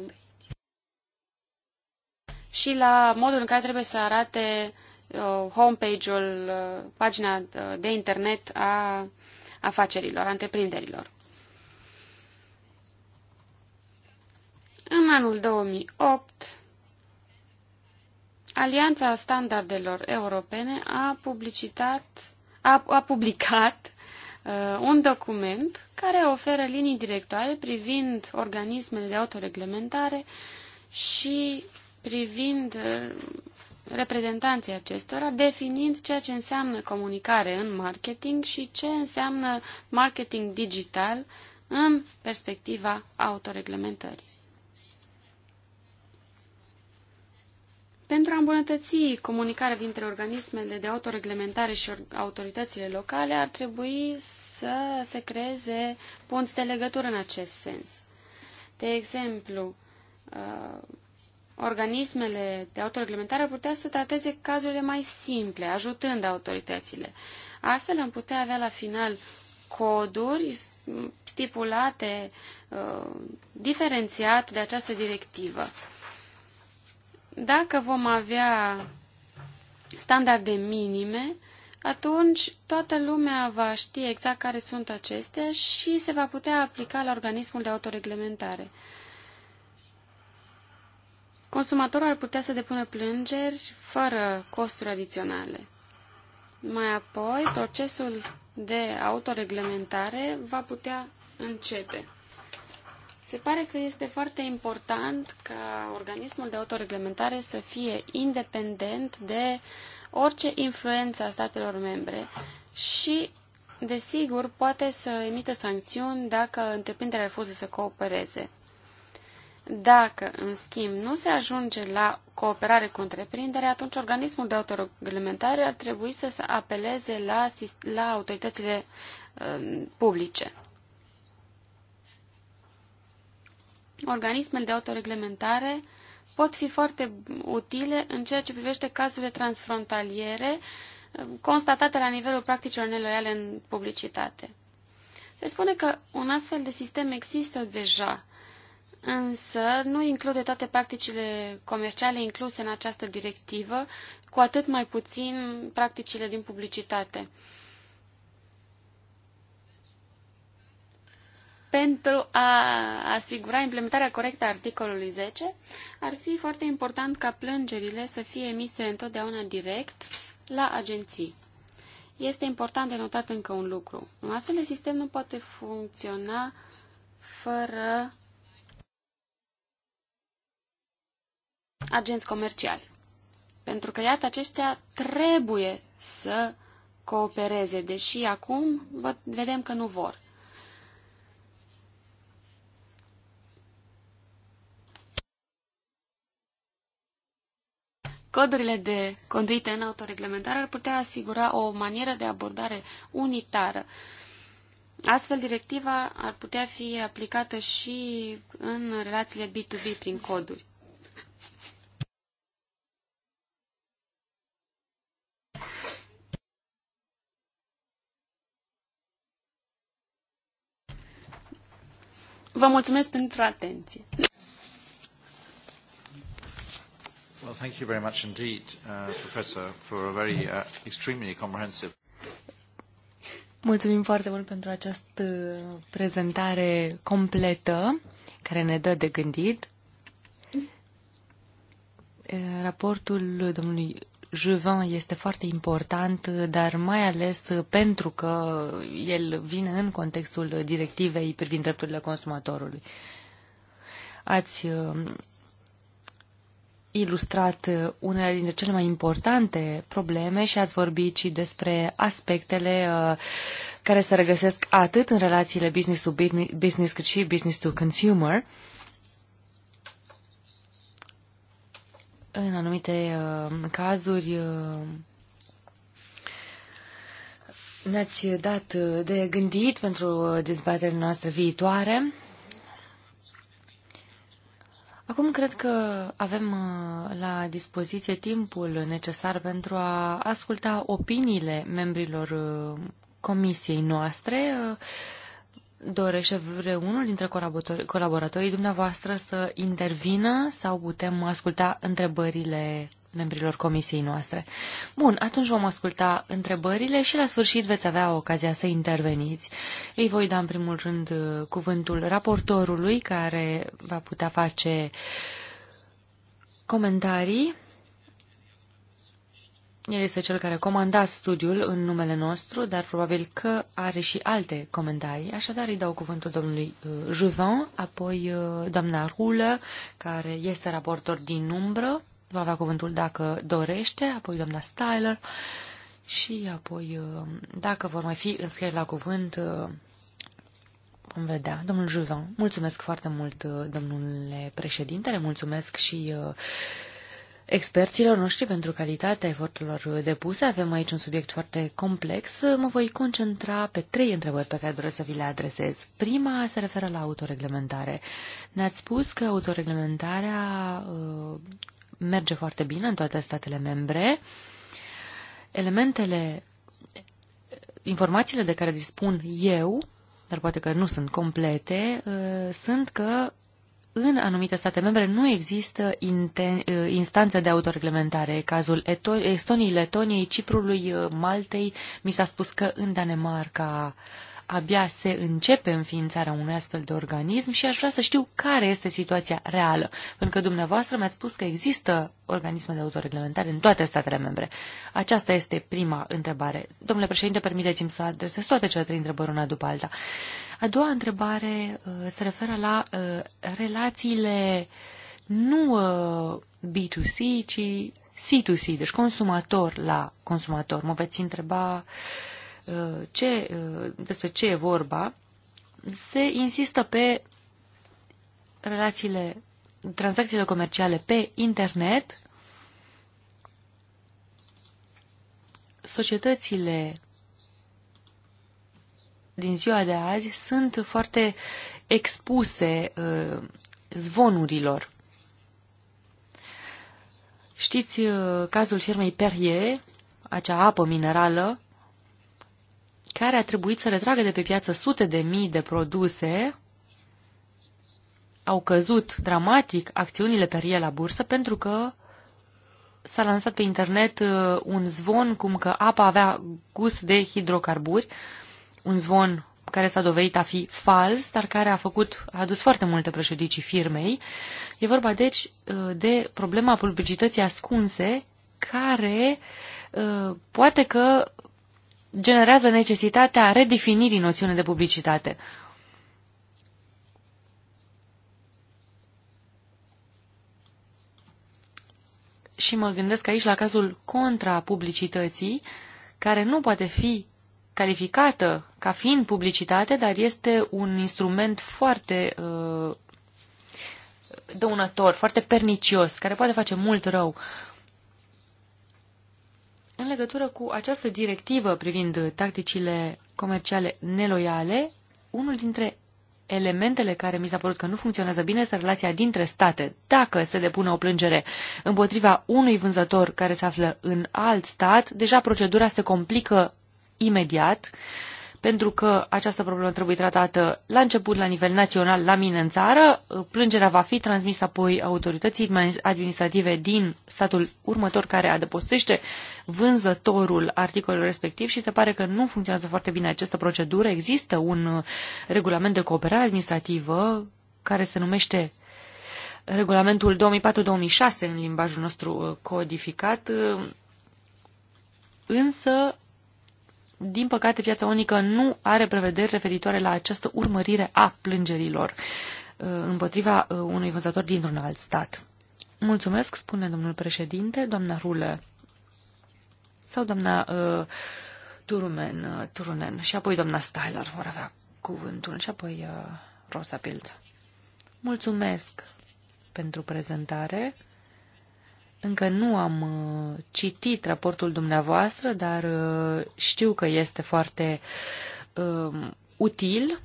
și la modul în care trebuie să arate uh, homepage-ul, uh, pagina uh, de internet a afacerilor, întreprinderilor. În anul 2008, Alianța Standardelor Europene a, publicitat, a, a publicat uh, un document care oferă linii directoare privind organismele de autoreglementare și privind uh, reprezentanții acestora, definind ceea ce înseamnă comunicare în marketing și ce înseamnă marketing digital în perspectiva autoreglementării. Pentru a îmbunătăți comunicarea dintre organismele de autoreglementare și autoritățile locale, ar trebui să se creeze punți de legătură în acest sens. De exemplu, uh, organismele de autoreglementare ar putea să trateze cazurile mai simple, ajutând autoritățile. Astfel am putea avea la final coduri stipulate diferențiate uh, diferențiat de această directivă. Dacă vom avea standarde minime, atunci toată lumea va ști exact care sunt acestea și se va putea aplica la organismul de autoreglementare. Consumatorul ar putea să depună plângeri fără costuri adiționale. Mai apoi, procesul de autoreglementare va putea începe. Se pare că este foarte important ca organismul de autoreglementare să fie independent de orice influență a statelor membre și, desigur, poate să emită sancțiuni dacă întreprinderea refuză să coopereze. Dacă, în schimb, nu se ajunge la cooperare cu întreprindere, atunci organismul de autoreglementare ar trebui să se apeleze la, la autoritățile uh, publice. Organismele de autoreglementare pot fi foarte utile în ceea ce privește cazurile transfrontaliere uh, constatate la nivelul practicilor neloiale în publicitate. Se spune că un astfel de sistem există deja, însă nu include toate practicile comerciale incluse în această directivă, cu atât mai puțin practicile din publicitate. Pentru a asigura implementarea corectă a articolului 10, ar fi foarte important ca plângerile să fie emise întotdeauna direct la agenții. Este important de notat încă un lucru. Un astfel de sistem nu poate funcționa fără agenți comerciali. Pentru că, iată, aceștia trebuie să coopereze, deși acum vedem că nu vor. Codurile de conduită în autoreglementare ar putea asigura o manieră de abordare unitară. Astfel, directiva ar putea fi aplicată și în relațiile B2B prin coduri. Vă mulțumesc pentru atenție. Well, thank you very much indeed, uh, Professor, for a very uh, extremely comprehensive. Mulțumim foarte mult pentru această prezentare completă care ne dă de gândit. Raportul domnului Juvin este foarte important, dar mai ales pentru că el vine în contextul directivei privind drepturile consumatorului. Ați uh, ilustrat unele dintre cele mai importante probleme și ați vorbit și despre aspectele uh, care se regăsesc atât în relațiile business to business cât și business to consumer. În anumite uh, cazuri uh, ne-ați dat uh, de gândit pentru dezbaterea noastră viitoare. Acum cred că avem uh, la dispoziție timpul necesar pentru a asculta opiniile membrilor uh, comisiei noastre. Dorește vreunul dintre colaboratorii, colaboratorii dumneavoastră să intervină sau putem asculta întrebările membrilor comisiei noastre? Bun, atunci vom asculta întrebările și la sfârșit veți avea ocazia să interveniți. Îi voi da în primul rând uh, cuvântul raportorului care va putea face comentarii el este cel care a comandat studiul în numele nostru, dar probabil că are și alte comentarii. Așadar îi dau cuvântul domnului uh, Juvin, apoi uh, doamna Rulă, care este raportor din umbră, va avea cuvântul dacă dorește, apoi doamna Styler și apoi, uh, dacă vor mai fi înscrieri la cuvânt, vom vedea. Domnul Juvin, mulțumesc foarte mult, domnule președinte, mulțumesc și experților noștri pentru calitatea eforturilor depuse. Avem aici un subiect foarte complex. Mă voi concentra pe trei întrebări pe care doresc să vi le adresez. Prima se referă la autoreglementare. Ne-ați spus că autoreglementarea uh, merge foarte bine în toate statele membre. Elementele, informațiile de care dispun eu, dar poate că nu sunt complete, uh, sunt că în anumite state membre nu există eh, instanțe de autoreglementare. Cazul Eto- Estoniei, Letoniei, Ciprului, eh, Maltei, mi s-a spus că în Danemarca uh, abia se începe înființarea unui astfel de organism și aș vrea să știu care este situația reală, pentru că dumneavoastră mi-ați spus că există organisme de autoreglementare în toate statele membre. Aceasta este prima întrebare. Domnule președinte, permiteți-mi să adresez toate cele trei întrebări una după alta. A doua întrebare uh, se referă la uh, relațiile nu uh, B2C, ci C2C, deci consumator la consumator. Mă veți întreba uh, Uh, ce, uh, despre ce e vorba, se insistă pe relațiile, tranzacțiile comerciale pe internet, societățile din ziua de azi sunt foarte expuse uh, zvonurilor. Știți cazul firmei Perrier, acea apă minerală, care a trebuit să retragă de pe piață sute de mii de produse, au căzut dramatic acțiunile pe rie la bursă pentru că s-a lansat pe internet uh, un zvon cum că apa avea gust de hidrocarburi, un zvon care s-a dovedit a fi fals, dar care a făcut, a adus foarte multe prejudicii firmei. E vorba, deci, uh, de problema publicității ascunse, care uh, poate că generează necesitatea redefinirii noțiunii de publicitate. Și mă gândesc aici la cazul contrapublicității, care nu poate fi calificată ca fiind publicitate, dar este un instrument foarte uh, dăunător, foarte pernicios, care poate face mult rău. Uh, în legătură cu această directivă privind tacticile comerciale neloiale, unul dintre elementele care mi s-a părut că nu funcționează bine este relația dintre state. Dacă se depune o plângere împotriva unui vânzător care se află în alt stat, deja procedura se complică imediat. Uh, pentru că această problemă trebuie tratată la început la nivel național, la mine în țară. Plângerea va fi transmisă apoi autorității administrative din statul următor care adăpostește vânzătorul articolului respectiv și se pare că nu funcționează foarte bine această procedură. Există un uh, regulament de cooperare administrativă care se numește regulamentul 2004-2006 în limbajul nostru uh, codificat, uh, însă din păcate, piața unică nu are prevederi referitoare la această urmărire a plângerilor uh, împotriva uh, unui vânzător dintr-un alt stat. Mulțumesc, spune domnul președinte, doamna Rulă sau doamna uh, Turumen, uh, Turunen și apoi doamna Styler vor avea cuvântul și apoi uh, Rosa Pilt. Mulțumesc pentru prezentare. Încă nu am uh, citit raportul dumneavoastră, dar uh, știu că este foarte um, util.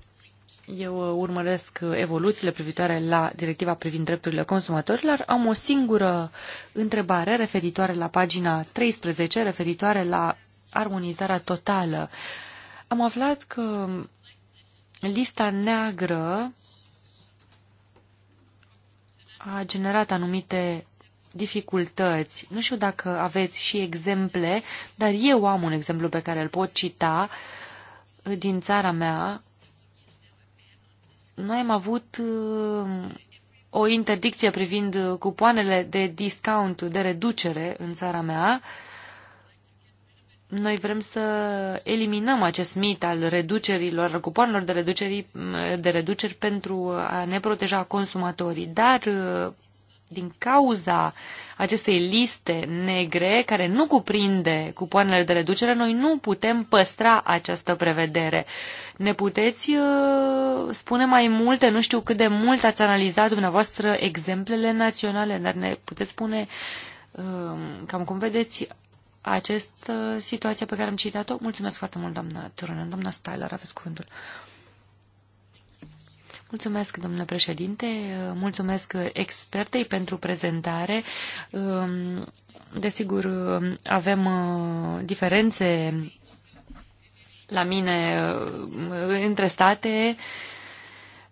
Eu uh, urmăresc evoluțiile privitoare la directiva privind drepturile consumatorilor. Am o singură întrebare referitoare la pagina 13, referitoare la armonizarea totală. Am aflat că lista neagră a generat anumite dificultăți. Nu știu dacă aveți și exemple, dar eu am un exemplu pe care îl pot cita uh, din țara mea. Noi am avut uh, o interdicție privind uh, cupoanele de discount, de reducere în țara mea. Noi vrem să eliminăm acest mit al reducerilor, cupoanelor de, de reduceri pentru a ne proteja consumatorii, dar din cauza acestei liste negre, care nu cuprinde cupoanele de reducere, noi nu putem păstra această prevedere. Ne puteți uh, spune mai multe, nu știu cât de mult ați analizat dumneavoastră exemplele naționale, dar ne puteți spune uh, cam cum vedeți această situație pe care am citat-o. Mulțumesc foarte mult, doamna Turunen, doamna Styler, aveți cuvântul. Uh, Mulțumesc, domnule președinte, mulțumesc expertei pentru prezentare. Ehm, desigur, avem uh, diferențe la mine uh, între state.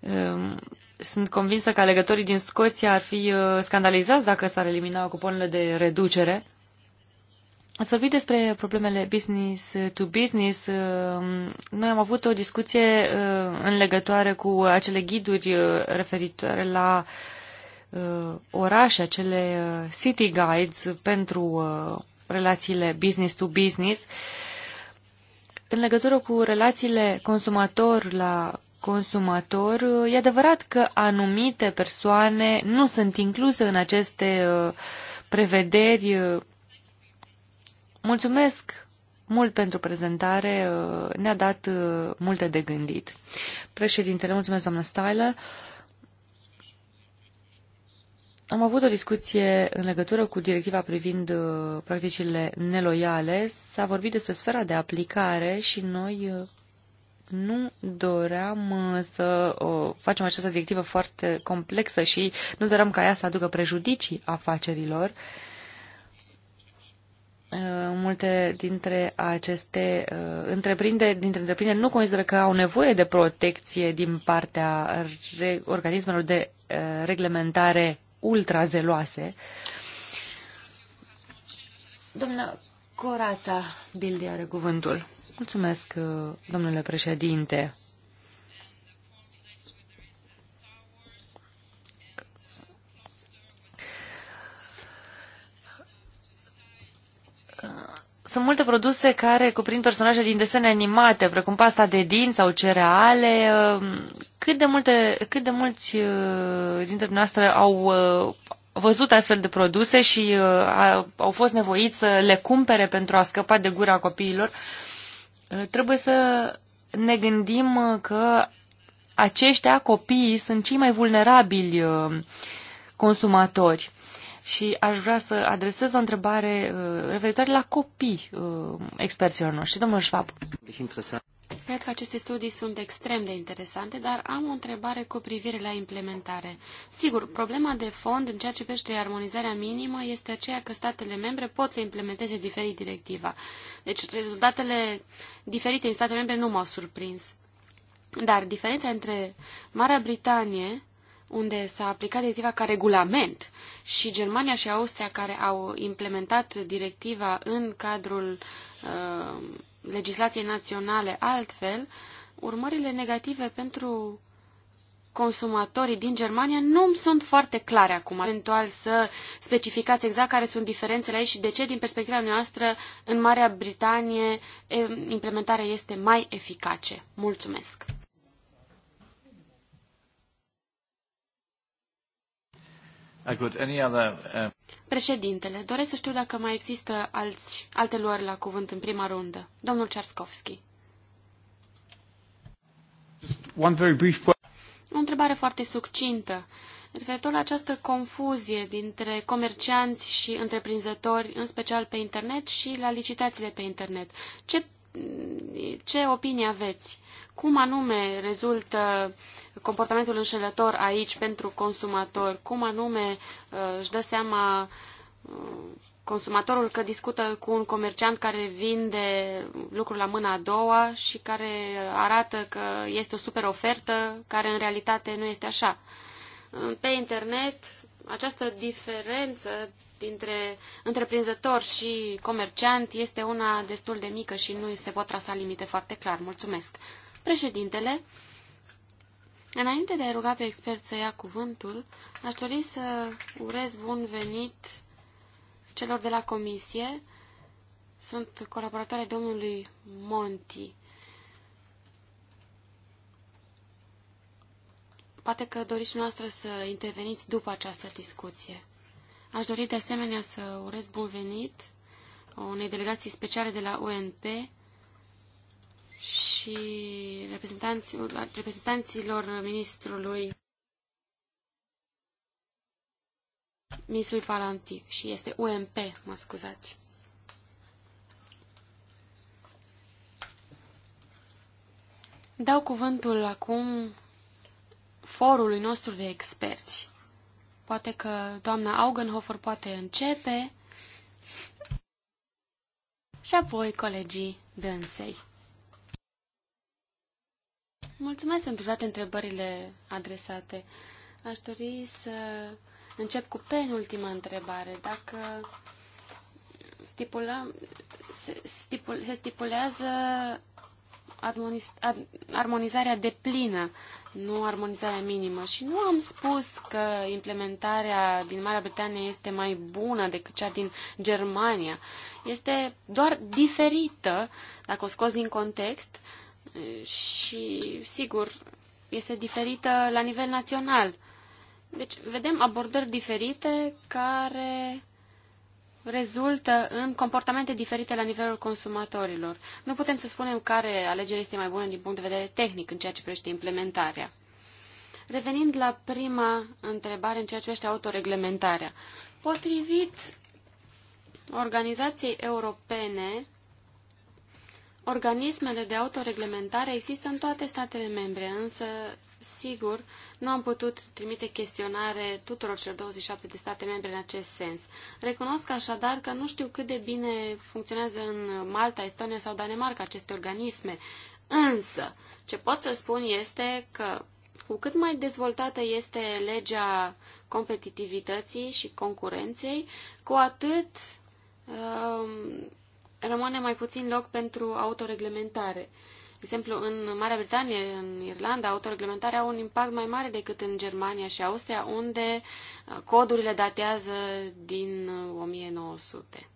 Ehm, sunt convinsă că alegătorii din Scoția ar fi uh, scandalizați dacă s-ar elimina cuponele de reducere Ați vorbit despre problemele business to business. Ehm, noi am avut o discuție ehm, în legătoare cu acele ghiduri ehm, referitoare la orașe, acele city guides pentru relațiile business to business. În legătură cu relațiile consumator la consumator, e adevărat că anumite persoane nu sunt incluse în aceste prevederi Mulțumesc mult pentru prezentare, ne-a dat uh, multe de gândit. Președintele, mulțumesc doamnă Styler. Am avut o discuție în legătură cu directiva privind uh, practicile neloiale. S-a vorbit despre sfera de aplicare și noi uh, nu doream să o facem această directivă foarte complexă și nu doream ca ea să aducă prejudicii afacerilor. Uh, multe dintre aceste uh, întreprinderi, dintre întreprinderi nu consideră că au nevoie de protecție din partea organismelor de uh, reglementare ultrazeloase. Doamna Corața Bildi are cuvântul. Mulțumesc, domnule președinte. sunt multe produse care cuprind personaje din desene animate, precum pasta de dinți sau cereale. Ehm, cât de, multe, cât de mulți eh, dintre noastre au eh, văzut astfel de produse și eh, au fost nevoiți să le cumpere pentru a scăpa de gura copiilor, trebuie să ne gândim că aceștia, copiii, sunt cei mai vulnerabili consumatori și aș vrea să adresez o întrebare uh, referitoare la copii uh, experților noștri. Domnul Schwab. Cred că aceste studii sunt extrem de interesante, dar am o întrebare cu privire la implementare. Sigur, problema de fond în ceea ce privește armonizarea minimă este aceea că statele membre pot să implementeze diferit directiva. Deci rezultatele diferite în statele membre nu m-au surprins. Dar diferența între Marea Britanie unde s-a aplicat directiva ca regulament și Germania și Austria care au implementat directiva în cadrul uh, legislației naționale altfel, urmările negative pentru consumatorii din Germania nu sunt foarte clare acum. Eventual să specificați exact care sunt diferențele aici și de ce, din perspectiva noastră, în Marea Britanie implementarea este mai eficace. Mulțumesc! Uh, Președintele, doresc să știu dacă mai există alți, alte luări la cuvânt în prima rundă. Domnul Cearskovski. O întrebare foarte succintă. Referitor la această confuzie dintre comercianți și întreprinzători, în special pe internet și la licitațiile pe internet, ce ce opinie aveți? Cum anume rezultă comportamentul înșelător aici pentru consumator? Cum anume uh, își dă seama uh, consumatorul că discută cu un comerciant care vinde lucruri la mâna a doua și care arată că este o super ofertă, care în realitate nu este așa? Pe internet această diferență dintre întreprinzător și comerciant este una destul de mică și nu se pot trasa limite foarte clar. Mulțumesc. Președintele, înainte de a ruga pe expert să ia cuvântul, aș dori să urez bun venit celor de la comisie. Sunt colaboratoare domnului Monti. Poate că doriți noastră să interveniți după această discuție. Aș dori de asemenea să urez bun venit unei delegații speciale de la UNP și reprezentanților ministrului Misul Palanti și este UMP, mă scuzați. Dau cuvântul acum forului nostru de experți. Poate că doamna Augenhofer poate începe și apoi colegii dânsei. Mulțumesc pentru toate întrebările adresate. Aș dori să încep cu penultima întrebare. Dacă stipulăm, se, stipul, se stipulează armonizarea deplină, nu armonizarea minimă. Și nu am spus că implementarea din Marea Britanie este mai bună decât cea din Germania. Este doar diferită, dacă o scoți din context, și, sigur, este diferită la nivel național. Deci, vedem abordări diferite care rezultă în comportamente diferite la nivelul consumatorilor. Nu putem să spunem care alegere este mai bună din punct de vedere tehnic în ceea ce privește implementarea. Revenind la prima întrebare în ceea ce privește autoreglementarea. Potrivit Organizației Europene Organismele de autoreglementare există în toate statele membre, însă, sigur, nu am putut trimite chestionare tuturor celor 27 de state membre în acest sens. Recunosc așadar că nu știu cât de bine funcționează în Malta, Estonia sau Danemarca aceste organisme, însă ce pot să spun este că cu cât mai dezvoltată este legea competitivității și concurenței, cu atât Uh, rămâne mai puțin loc pentru autoreglementare. De exemplu, în Marea Britanie, în Irlanda, autoreglementarea au un impact mai mare decât în Germania și Austria, unde uh, codurile datează din 1900. Uh,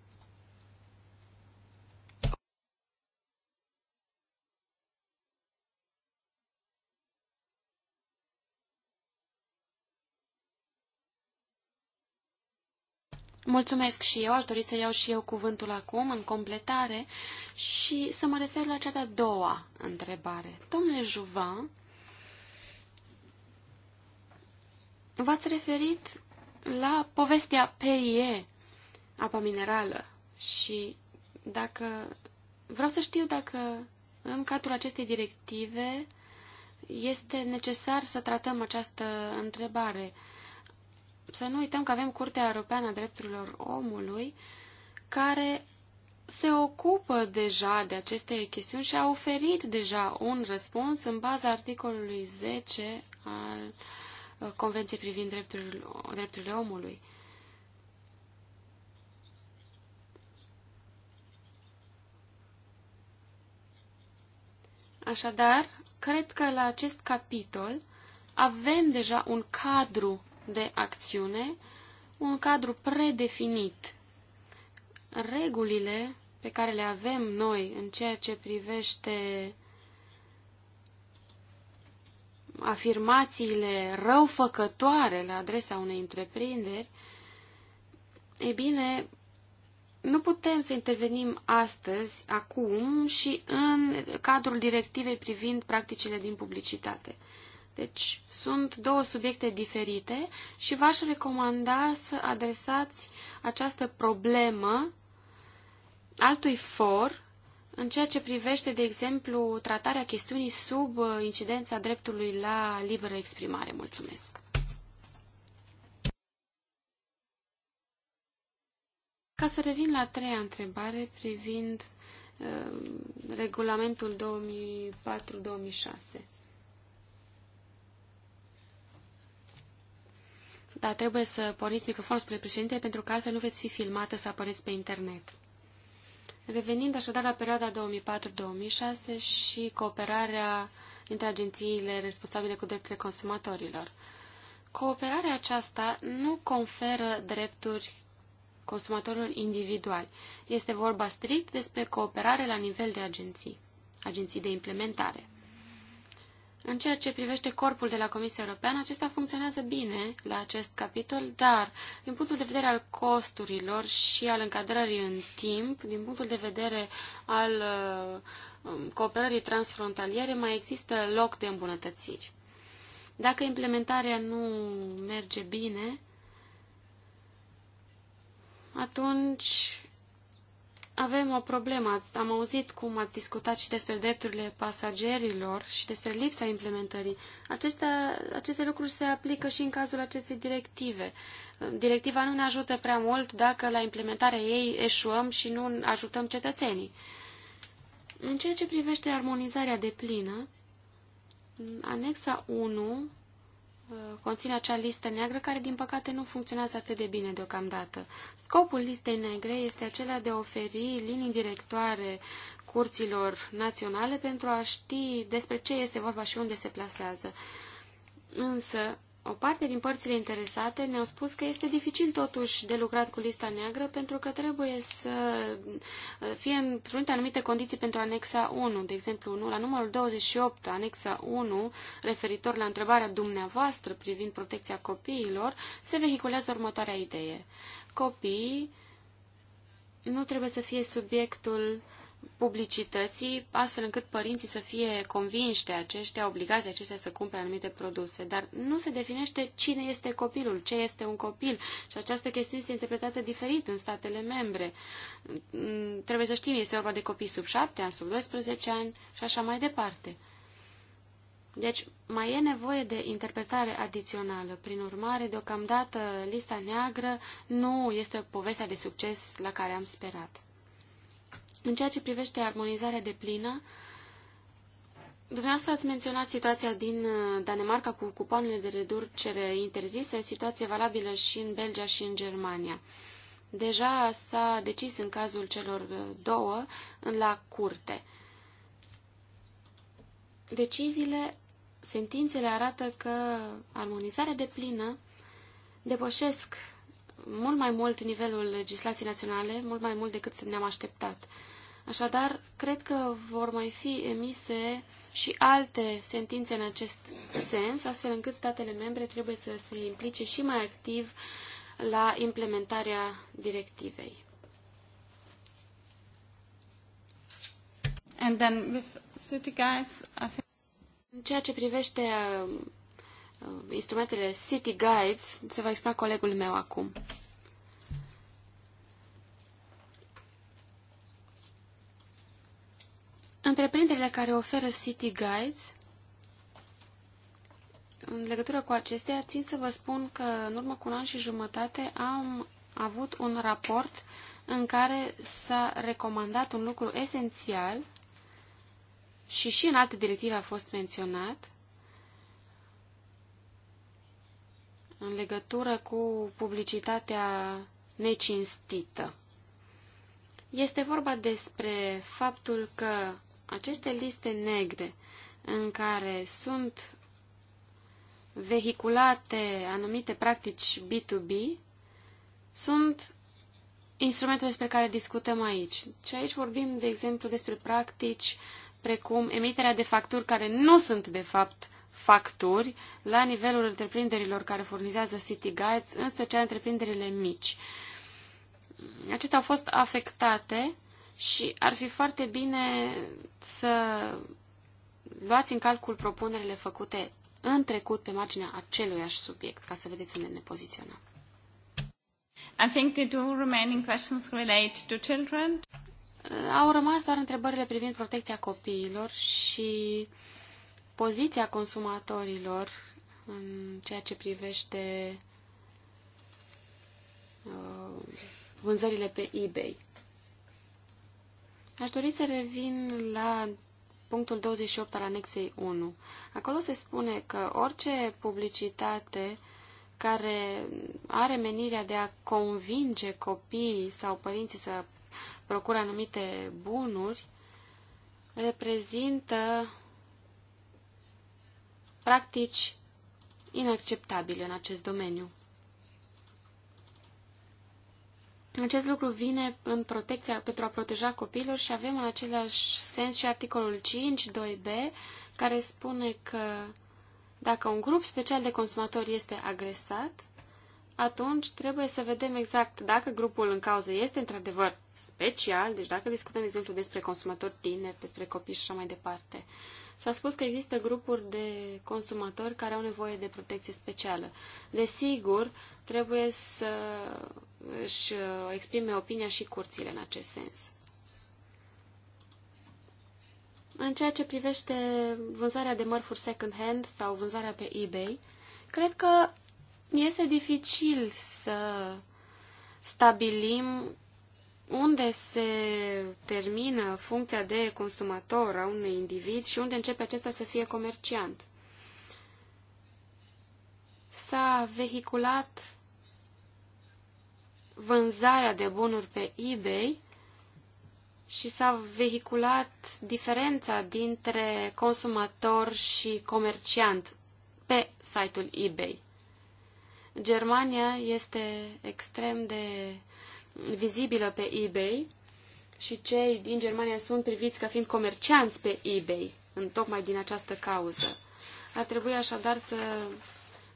Mulțumesc și eu, aș dori să iau și eu cuvântul acum, în completare, și să mă refer la cea de-a doua întrebare. Domnule Juvan, v-ați referit la povestea PIE, apa minerală, și dacă vreau să știu dacă în cadrul acestei directive este necesar să tratăm această întrebare să nu uităm că avem Curtea Europeană a Drepturilor Omului, care se ocupă deja de aceste chestiuni și a oferit deja un răspuns în baza articolului 10 al uh, Convenției privind drepturile, drepturile omului. Așadar, cred că la acest capitol avem deja un cadru de acțiune, un cadru predefinit. Regulile pe care le avem noi în ceea ce privește afirmațiile răufăcătoare la adresa unei întreprinderi, e bine, nu putem să intervenim astăzi, acum și în cadrul directivei privind practicile din publicitate. Deci sunt două subiecte diferite și v-aș recomanda să adresați această problemă altui for în ceea ce privește, de exemplu, tratarea chestiunii sub uh, incidența dreptului la liberă exprimare. Mulțumesc! Ca să revin la a treia întrebare privind uh, regulamentul 2004-2006. dar trebuie să porniți microfonul spre președinte, pentru că altfel nu veți fi filmată să apăreți pe internet. Revenind așadar la perioada 2004-2006 și cooperarea între agențiile responsabile cu drepturile consumatorilor. Cooperarea aceasta nu conferă drepturi consumatorilor individuali. Este vorba strict despre cooperare la nivel de agenții, agenții de implementare. În ceea ce privește corpul de la Comisia Europeană, acesta funcționează bine la acest capitol, dar din punctul de vedere al costurilor și al încadrării în timp, din punctul de vedere al uh, um, cooperării transfrontaliere, mai există loc de îmbunătățiri. Dacă implementarea nu merge bine, atunci avem o problemă. Am auzit cum ați discutat și despre drepturile pasagerilor și despre lipsa implementării. Acestea, aceste lucruri se aplică și în cazul acestei directive. Directiva nu ne ajută prea mult dacă la implementarea ei eșuăm și nu ajutăm cetățenii. În ceea ce privește armonizarea de plină, anexa 1 conține acea listă neagră care, din păcate, nu funcționează atât de bine deocamdată. Scopul listei negre este acela de a oferi linii directoare curților naționale pentru a ști despre ce este vorba și unde se plasează. Însă, o parte din părțile interesate ne-au spus că este dificil totuși de lucrat cu lista neagră pentru că trebuie să uh, fie într într-unite anumite condiții pentru anexa 1. De exemplu, nu, la numărul 28, anexa 1, referitor la întrebarea dumneavoastră privind protecția copiilor, se vehiculează următoarea idee. Copiii nu trebuie să fie subiectul uh, publicității, astfel încât părinții să fie convinși de aceștia, obligați de aceștia să cumpere anumite produse. Dar nu se definește cine este copilul, ce este un copil. Și această chestiune este interpretată diferit în statele membre. Mm, trebuie să știm, este vorba de copii sub 7 ani, sub 12 ani și așa mai departe. Deci, mai e nevoie de interpretare adițională. Prin urmare, deocamdată, lista neagră nu este povestea de succes la care am sperat. În ceea ce privește armonizarea de plină, Dumneavoastră ați menționat situația din uh, Danemarca cu cupoanele de reducere interzise, situație valabilă și în Belgia și în Germania. Deja s-a decis în cazul celor uh, două la curte. Deciziile, sentințele arată că armonizarea de plină depășesc mult mai mult nivelul legislației naționale, mult mai mult decât ne-am așteptat. Așadar, cred că vor mai fi emise și alte sentințe în acest sens, astfel încât statele membre trebuie să se implice și mai activ la implementarea directivei. And then with city guides, I think... În ceea ce privește uh, uh instrumentele City Guides, se va explica colegul meu acum. Întreprinderile care oferă City Guides, în legătură cu acestea, țin să vă spun că în urmă cu un an și jumătate am avut un raport în care s-a recomandat un lucru esențial și și în alte directive a fost menționat în legătură cu publicitatea necinstită. Este vorba despre faptul că aceste liste negre în care sunt vehiculate anumite practici B2B sunt instrumentele despre care discutăm aici. Și aici vorbim, de exemplu, despre practici precum emiterea de facturi care nu sunt, de fapt, facturi la nivelul întreprinderilor care furnizează City Guides, în special întreprinderile mici. Acestea au fost afectate și ar fi foarte bine să luați în calcul propunerile făcute în trecut pe marginea aș subiect, ca să vedeți unde ne poziționăm. I think the two remaining questions relate to children. Uh, au rămas doar întrebările privind protecția copiilor și poziția consumatorilor în ceea ce privește uh, vânzările pe eBay. Aș dori să revin la punctul 28 al anexei 1. Acolo se spune că orice publicitate care are menirea de a convinge copiii sau părinții să procure anumite bunuri reprezintă practici inacceptabile în acest domeniu. Acest lucru vine în protecția, pentru a proteja copilul și avem în același sens și articolul 5, 2b, care spune că dacă un grup special de consumatori este agresat, atunci trebuie să vedem exact dacă grupul în cauză este într-adevăr special, deci dacă discutăm, de exemplu, despre consumatori tineri, despre copii și așa mai departe. S-a spus că există grupuri de consumatori care au nevoie de protecție specială. Desigur, trebuie să își uh, exprime opinia și curțile în acest sens. În ceea ce privește vânzarea de mărfuri second-hand sau vânzarea pe eBay, cred că este dificil să stabilim unde se termină funcția de consumator a unui individ și unde începe acesta să fie comerciant s-a vehiculat vânzarea de bunuri pe eBay și s-a vehiculat diferența dintre consumator și comerciant pe site-ul eBay. Germania este extrem de vizibilă pe eBay și cei din Germania sunt priviți ca fiind comercianți pe eBay, în tocmai din această cauză. Ar trebui așadar să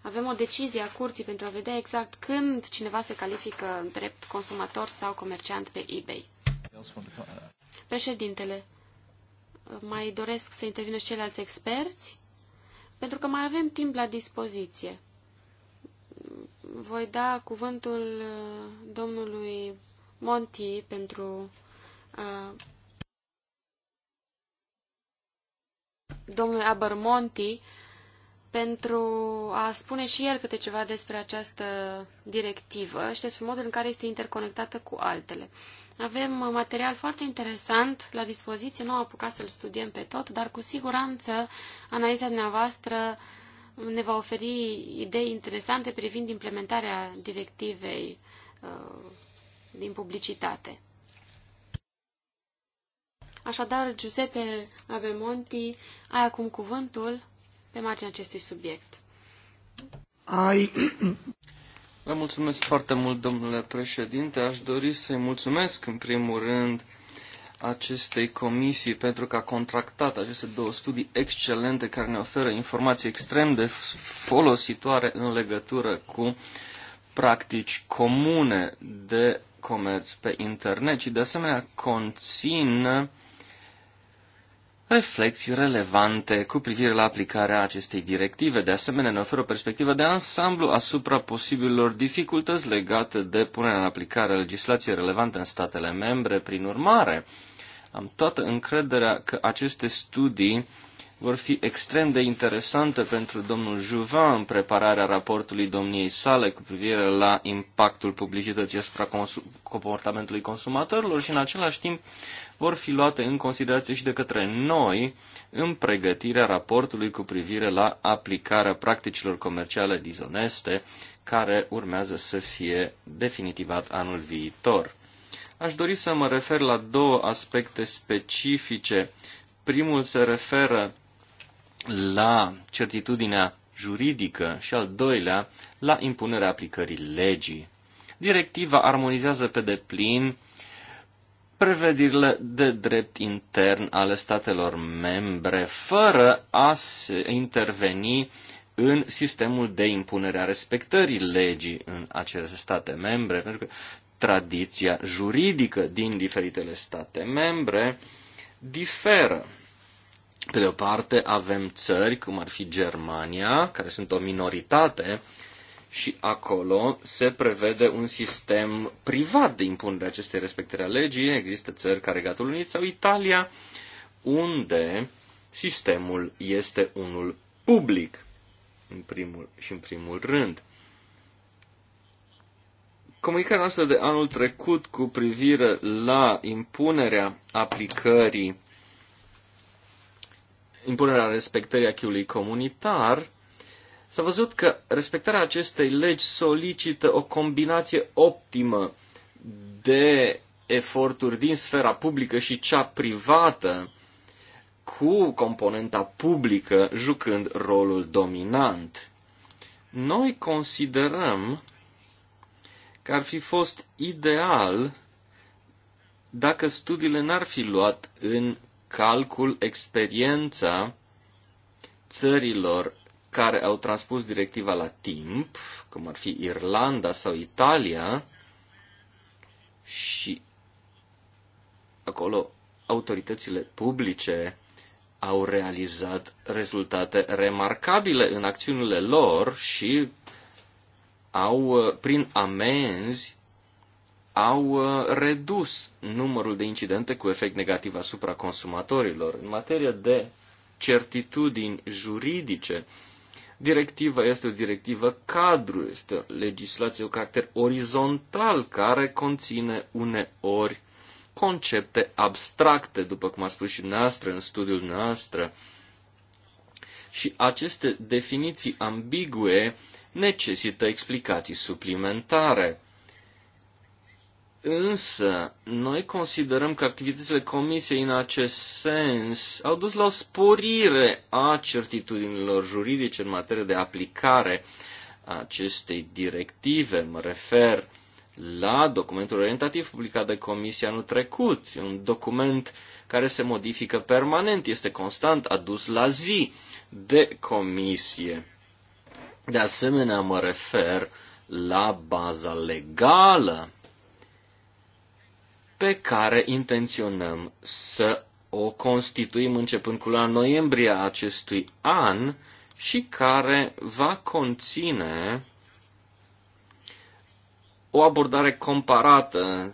avem o decizie a curții pentru a vedea exact când cineva se califică drept consumator sau comerciant pe eBay. Președintele, mai doresc să intervină și ceilalți experți? Pentru că mai avem timp la dispoziție. Voi da cuvântul uh, domnului Monti pentru uh, domnului Abermonti pentru a spune și el câte ceva despre această directivă și despre modul în care este interconectată cu altele. Avem material foarte interesant la dispoziție, nu am apucat să-l studiem pe tot, dar cu siguranță analiza dumneavoastră ne va oferi idei interesante privind implementarea directivei uh, din publicitate. Așadar, Giuseppe Abemonti ai acum cuvântul pe marginea acestui subiect. Ai... Vă mulțumesc foarte mult, domnule președinte. Aș dori să-i mulțumesc, în primul rând, acestei comisii pentru că a contractat aceste două studii excelente care ne oferă informații extrem de folositoare în legătură cu practici comune de comerț pe internet și de asemenea conțin reflexii relevante cu privire la aplicarea acestei directive. De asemenea, ne oferă o perspectivă de ansamblu asupra posibilor dificultăți legate de punerea în aplicare a legislației relevante în statele membre. Prin urmare, am toată încrederea că aceste studii vor fi extrem de interesante pentru domnul Juvin în prepararea raportului domniei sale cu privire la impactul publicității asupra consu- comportamentului consumatorilor și în același timp vor fi luate în considerație și de către noi în pregătirea raportului cu privire la aplicarea practicilor comerciale dizoneste care urmează să fie definitivat anul viitor. Aș dori să mă refer la două aspecte specifice primul se referă la certitudinea juridică și al doilea la impunerea aplicării legii. Directiva armonizează pe deplin prevedirile de drept intern ale statelor membre, fără a se interveni în sistemul de impunere a respectării legii în acele state membre, pentru că tradiția juridică din diferitele state membre diferă pe de o parte avem țări, cum ar fi Germania, care sunt o minoritate și acolo se prevede un sistem privat de impunere acestei respectări a legii. Există țări ca Regatul Unit sau Italia, unde sistemul este unul public în primul, și în primul rând. Comunicarea noastră de anul trecut cu privire la impunerea aplicării impunerea respectării acquis comunitar, s-a văzut că respectarea acestei legi solicită o combinație optimă de eforturi din sfera publică și cea privată, cu componenta publică jucând rolul dominant. Noi considerăm că ar fi fost ideal dacă studiile n-ar fi luat în calcul experiența țărilor care au transpus directiva la timp, cum ar fi Irlanda sau Italia, și acolo autoritățile publice au realizat rezultate remarcabile în acțiunile lor și au, prin amenzi, au uh, redus numărul de incidente cu efect negativ asupra consumatorilor. În materie de certitudini juridice, directiva este o directivă cadru, este o legislație cu caracter orizontal care conține uneori concepte abstracte, după cum a spus și noastră în studiul noastră. Și aceste definiții ambigue necesită explicații suplimentare. Însă, noi considerăm că activitățile comisiei în acest sens au dus la o sporire a certitudinilor juridice în materie de aplicare a acestei directive. Mă refer la documentul orientativ publicat de comisie anul trecut, un document care se modifică permanent, este constant adus la zi de comisie. De asemenea, mă refer la baza legală pe care intenționăm să o constituim începând cu la noiembrie acestui an și care va conține o abordare comparată.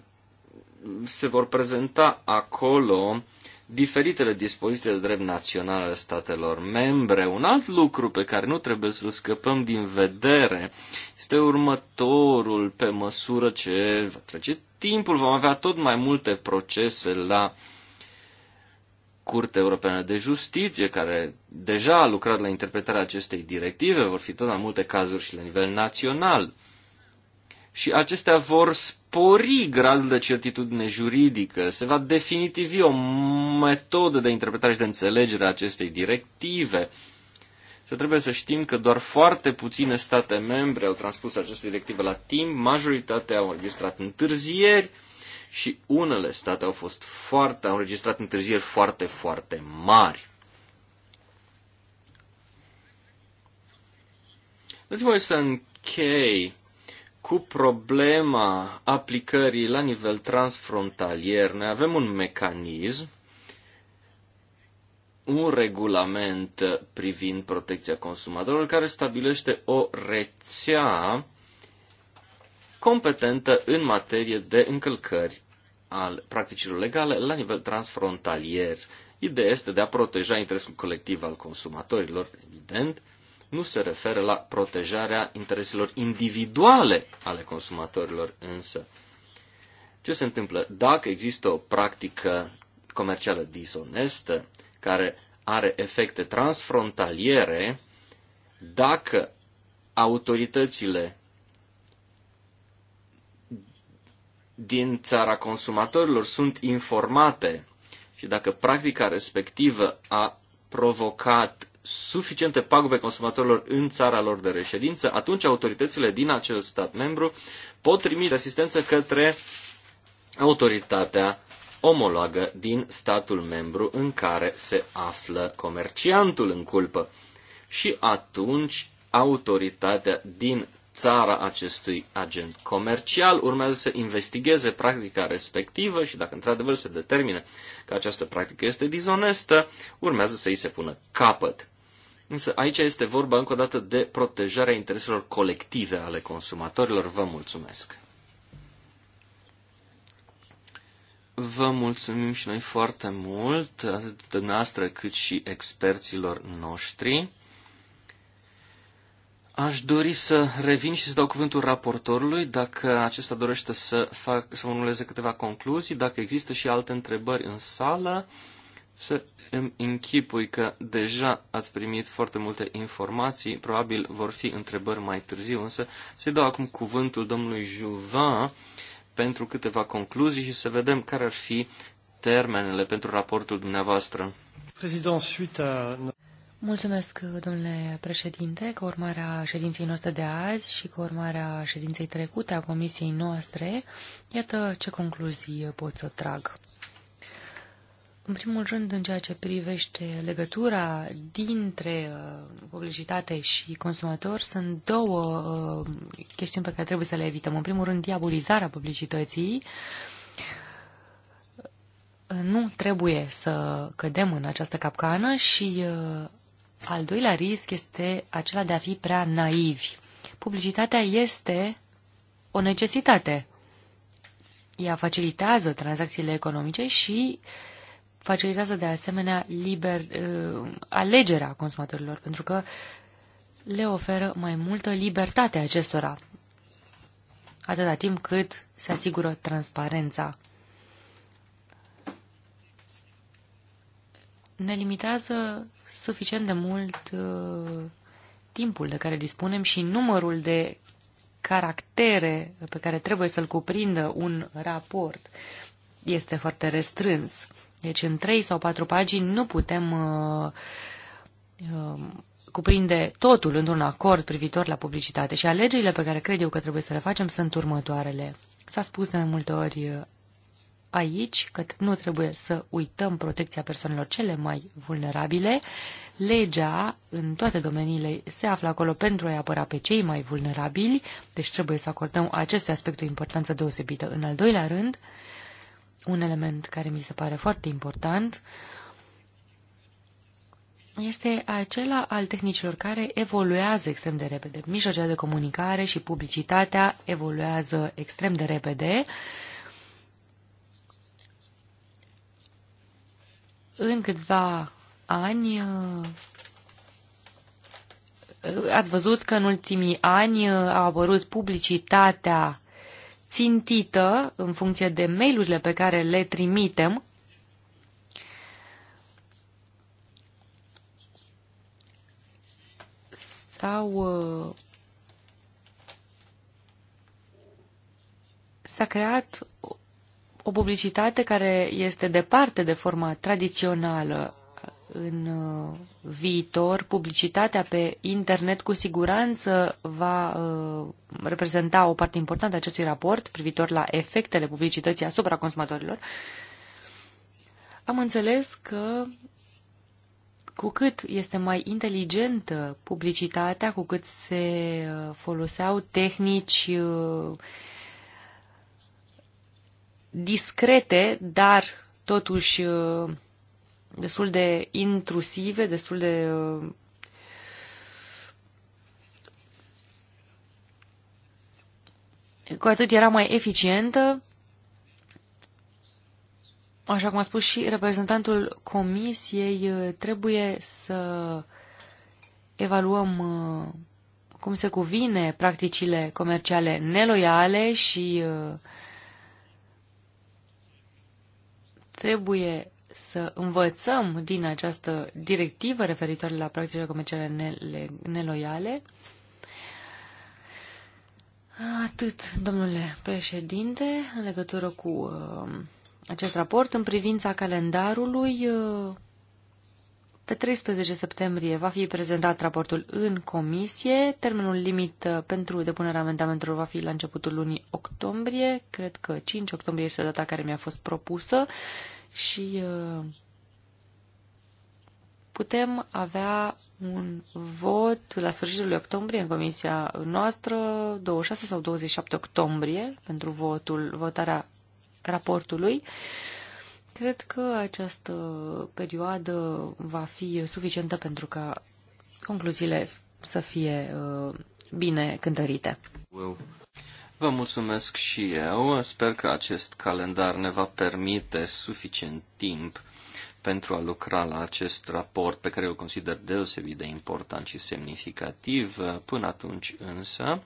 Se vor prezenta acolo diferitele dispoziții de drept național ale statelor membre. Un alt lucru pe care nu trebuie să-l scăpăm din vedere este următorul pe măsură ce va trece timpul vom avea tot mai multe procese la Curtea Europeană de Justiție, care deja a lucrat la interpretarea acestei directive, vor fi tot mai multe cazuri și la nivel național. Și acestea vor spori gradul de certitudine juridică, se va definitivi o metodă de interpretare și de înțelegere a acestei directive, se trebuie să știm că doar foarte puține state membre au transpus această directivă la timp, majoritatea au înregistrat întârzieri și unele state au fost foarte, au înregistrat întârzieri foarte, foarte mari. Dați-mi voi să închei cu problema aplicării la nivel transfrontalier. Noi avem un mecanism un regulament privind protecția consumatorilor care stabilește o rețea competentă în materie de încălcări al practicilor legale la nivel transfrontalier. Ideea este de a proteja interesul colectiv al consumatorilor, evident, nu se referă la protejarea intereselor individuale ale consumatorilor însă. Ce se întâmplă dacă există o practică comercială disonestă, care are efecte transfrontaliere, dacă autoritățile din țara consumatorilor sunt informate și dacă practica respectivă a provocat suficiente pagube consumatorilor în țara lor de reședință, atunci autoritățile din acel stat membru pot trimite asistență către autoritatea omologă din statul membru în care se află comerciantul în culpă. Și atunci autoritatea din țara acestui agent comercial urmează să investigheze practica respectivă și dacă într-adevăr se determină că această practică este dizonestă, urmează să îi se pună capăt. Însă aici este vorba încă o dată de protejarea intereselor colective ale consumatorilor. Vă mulțumesc! Vă mulțumim și noi foarte mult, atât dumneavoastră cât și experților noștri. Aș dori să revin și să dau cuvântul raportorului, dacă acesta dorește să, fac, să formuleze câteva concluzii, dacă există și alte întrebări în sală, să îmi închipui că deja ați primit foarte multe informații, probabil vor fi întrebări mai târziu, însă să-i dau acum cuvântul domnului Juvan pentru câteva concluzii și să vedem care ar fi termenele pentru raportul dumneavoastră. Mulțumesc, domnule președinte, că urmarea ședinței noastre de azi și că urmarea ședinței trecute a comisiei noastre, iată ce concluzii pot să trag. În primul rând, în ceea ce privește legătura dintre uh, publicitate și consumator, sunt două uh, chestiuni pe care trebuie să le evităm. În primul rând, diabolizarea publicității. Nu trebuie să cădem în această capcană și uh, al doilea risc este acela de a fi prea naivi. Publicitatea este o necesitate. Ea facilitează tranzacțiile economice și uh, facilitează de asemenea liber, uh, alegerea consumatorilor, pentru că le oferă mai multă libertate acestora, atâta timp cât se asigură transparența. Ne limitează suficient de mult uh, timpul de care dispunem și numărul de caractere pe care trebuie să-l cuprindă un raport este foarte restrâns. Deci în trei sau patru pagini nu putem uh, uh, cuprinde totul într-un acord privitor la publicitate și alegerile pe care cred eu că trebuie să le facem sunt următoarele. S-a spus de multe ori uh, aici că nu trebuie să uităm protecția persoanelor cele mai vulnerabile. Legea în toate domeniile se află acolo pentru a-i apăra pe cei mai vulnerabili, deci trebuie să acordăm acestui aspect o importanță deosebită. În al doilea rând, uh, un element care mi se pare foarte important este acela al tehnicilor care evoluează extrem de repede. Mijlocea de comunicare și publicitatea evoluează extrem de repede. În câțiva ani ați văzut că în ultimii ani a apărut publicitatea țintită în funcție de mailurile pe care le trimitem. Sau uh, s-a creat o publicitate care este departe de forma tradițională în uh, viitor, publicitatea pe internet cu siguranță va uh, reprezenta o parte importantă a acestui raport privitor la efectele publicității asupra consumatorilor. Am înțeles că cu cât este mai inteligentă publicitatea, cu cât se uh, foloseau tehnici discrete, dar totuși destul de intrusive, destul de uh, cu atât era mai eficientă, așa cum a spus și reprezentantul comisiei, uh, trebuie să evaluăm uh, cum se cuvine practicile comerciale neloiale și trebuie să învățăm din această directivă referitoare la practicile comerciale neloiale. Atât, domnule președinte, în legătură cu uh, acest raport, în privința calendarului, uh, pe 13 septembrie va fi prezentat raportul în comisie. Termenul limit uh, pentru depunerea amendamentelor va fi la începutul lunii octombrie. Cred că 5 octombrie este data care mi-a fost propusă. Uh, și uh, putem avea un vot la sfârșitul lui octombrie în comisia noastră, 26 sau 27 octombrie, pentru votul, votarea raportului. Cred că această perioadă va fi suficientă pentru ca concluziile să fie uh, bine cântărite. Well. Vă mulțumesc și eu. Sper că acest calendar ne va permite suficient timp pentru a lucra la acest raport pe care îl consider deosebit de important și semnificativ. Până atunci însă,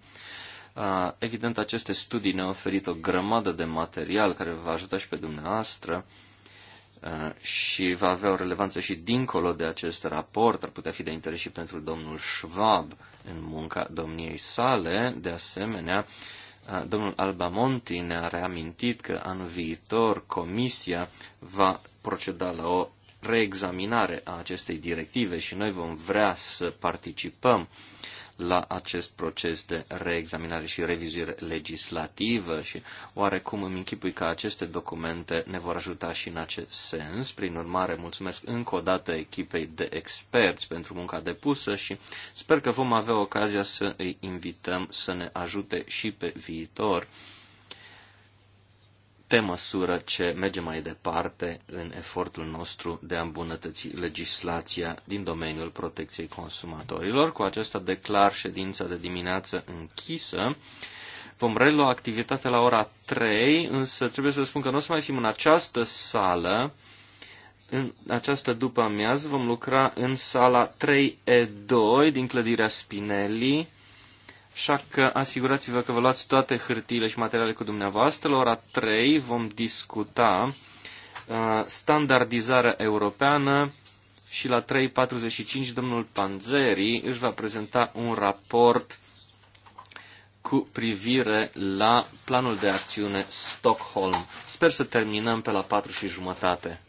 evident, aceste studii ne-au oferit o grămadă de material care vă ajuta și pe dumneavoastră și va avea o relevanță și dincolo de acest raport, ar putea fi de interes și pentru domnul Schwab în munca domniei sale. De asemenea, Domnul Albamonti ne-a reamintit că anul viitor Comisia va proceda la o reexaminare a acestei directive și noi vom vrea să participăm uh, la acest proces de reexaminare și revizuire legislativă și oarecum îmi închipui că aceste documente ne vor ajuta și în acest sens. Prin urmare, mulțumesc încă o dată echipei de experți pentru munca depusă și sper că vom avea ocazia să îi invităm să ne ajute și pe viitor pe măsură ce mergem mai departe în efortul nostru de a îmbunătăți legislația din domeniul protecției consumatorilor. Cu acesta declar ședința de dimineață închisă. Vom relua activitatea la ora 3, însă trebuie să spun că nu o să mai fim în această sală. În această după amiază vom lucra în sala 3E2 din clădirea Spinelli Așa că asigurați-vă că vă luați toate hârtiile și materiale cu dumneavoastră. La ora 3 vom discuta uh, standardizarea europeană și la 3.45 domnul Panzeri își va prezenta un raport cu privire la planul de acțiune Stockholm. Sper să terminăm pe la 4 și jumătate.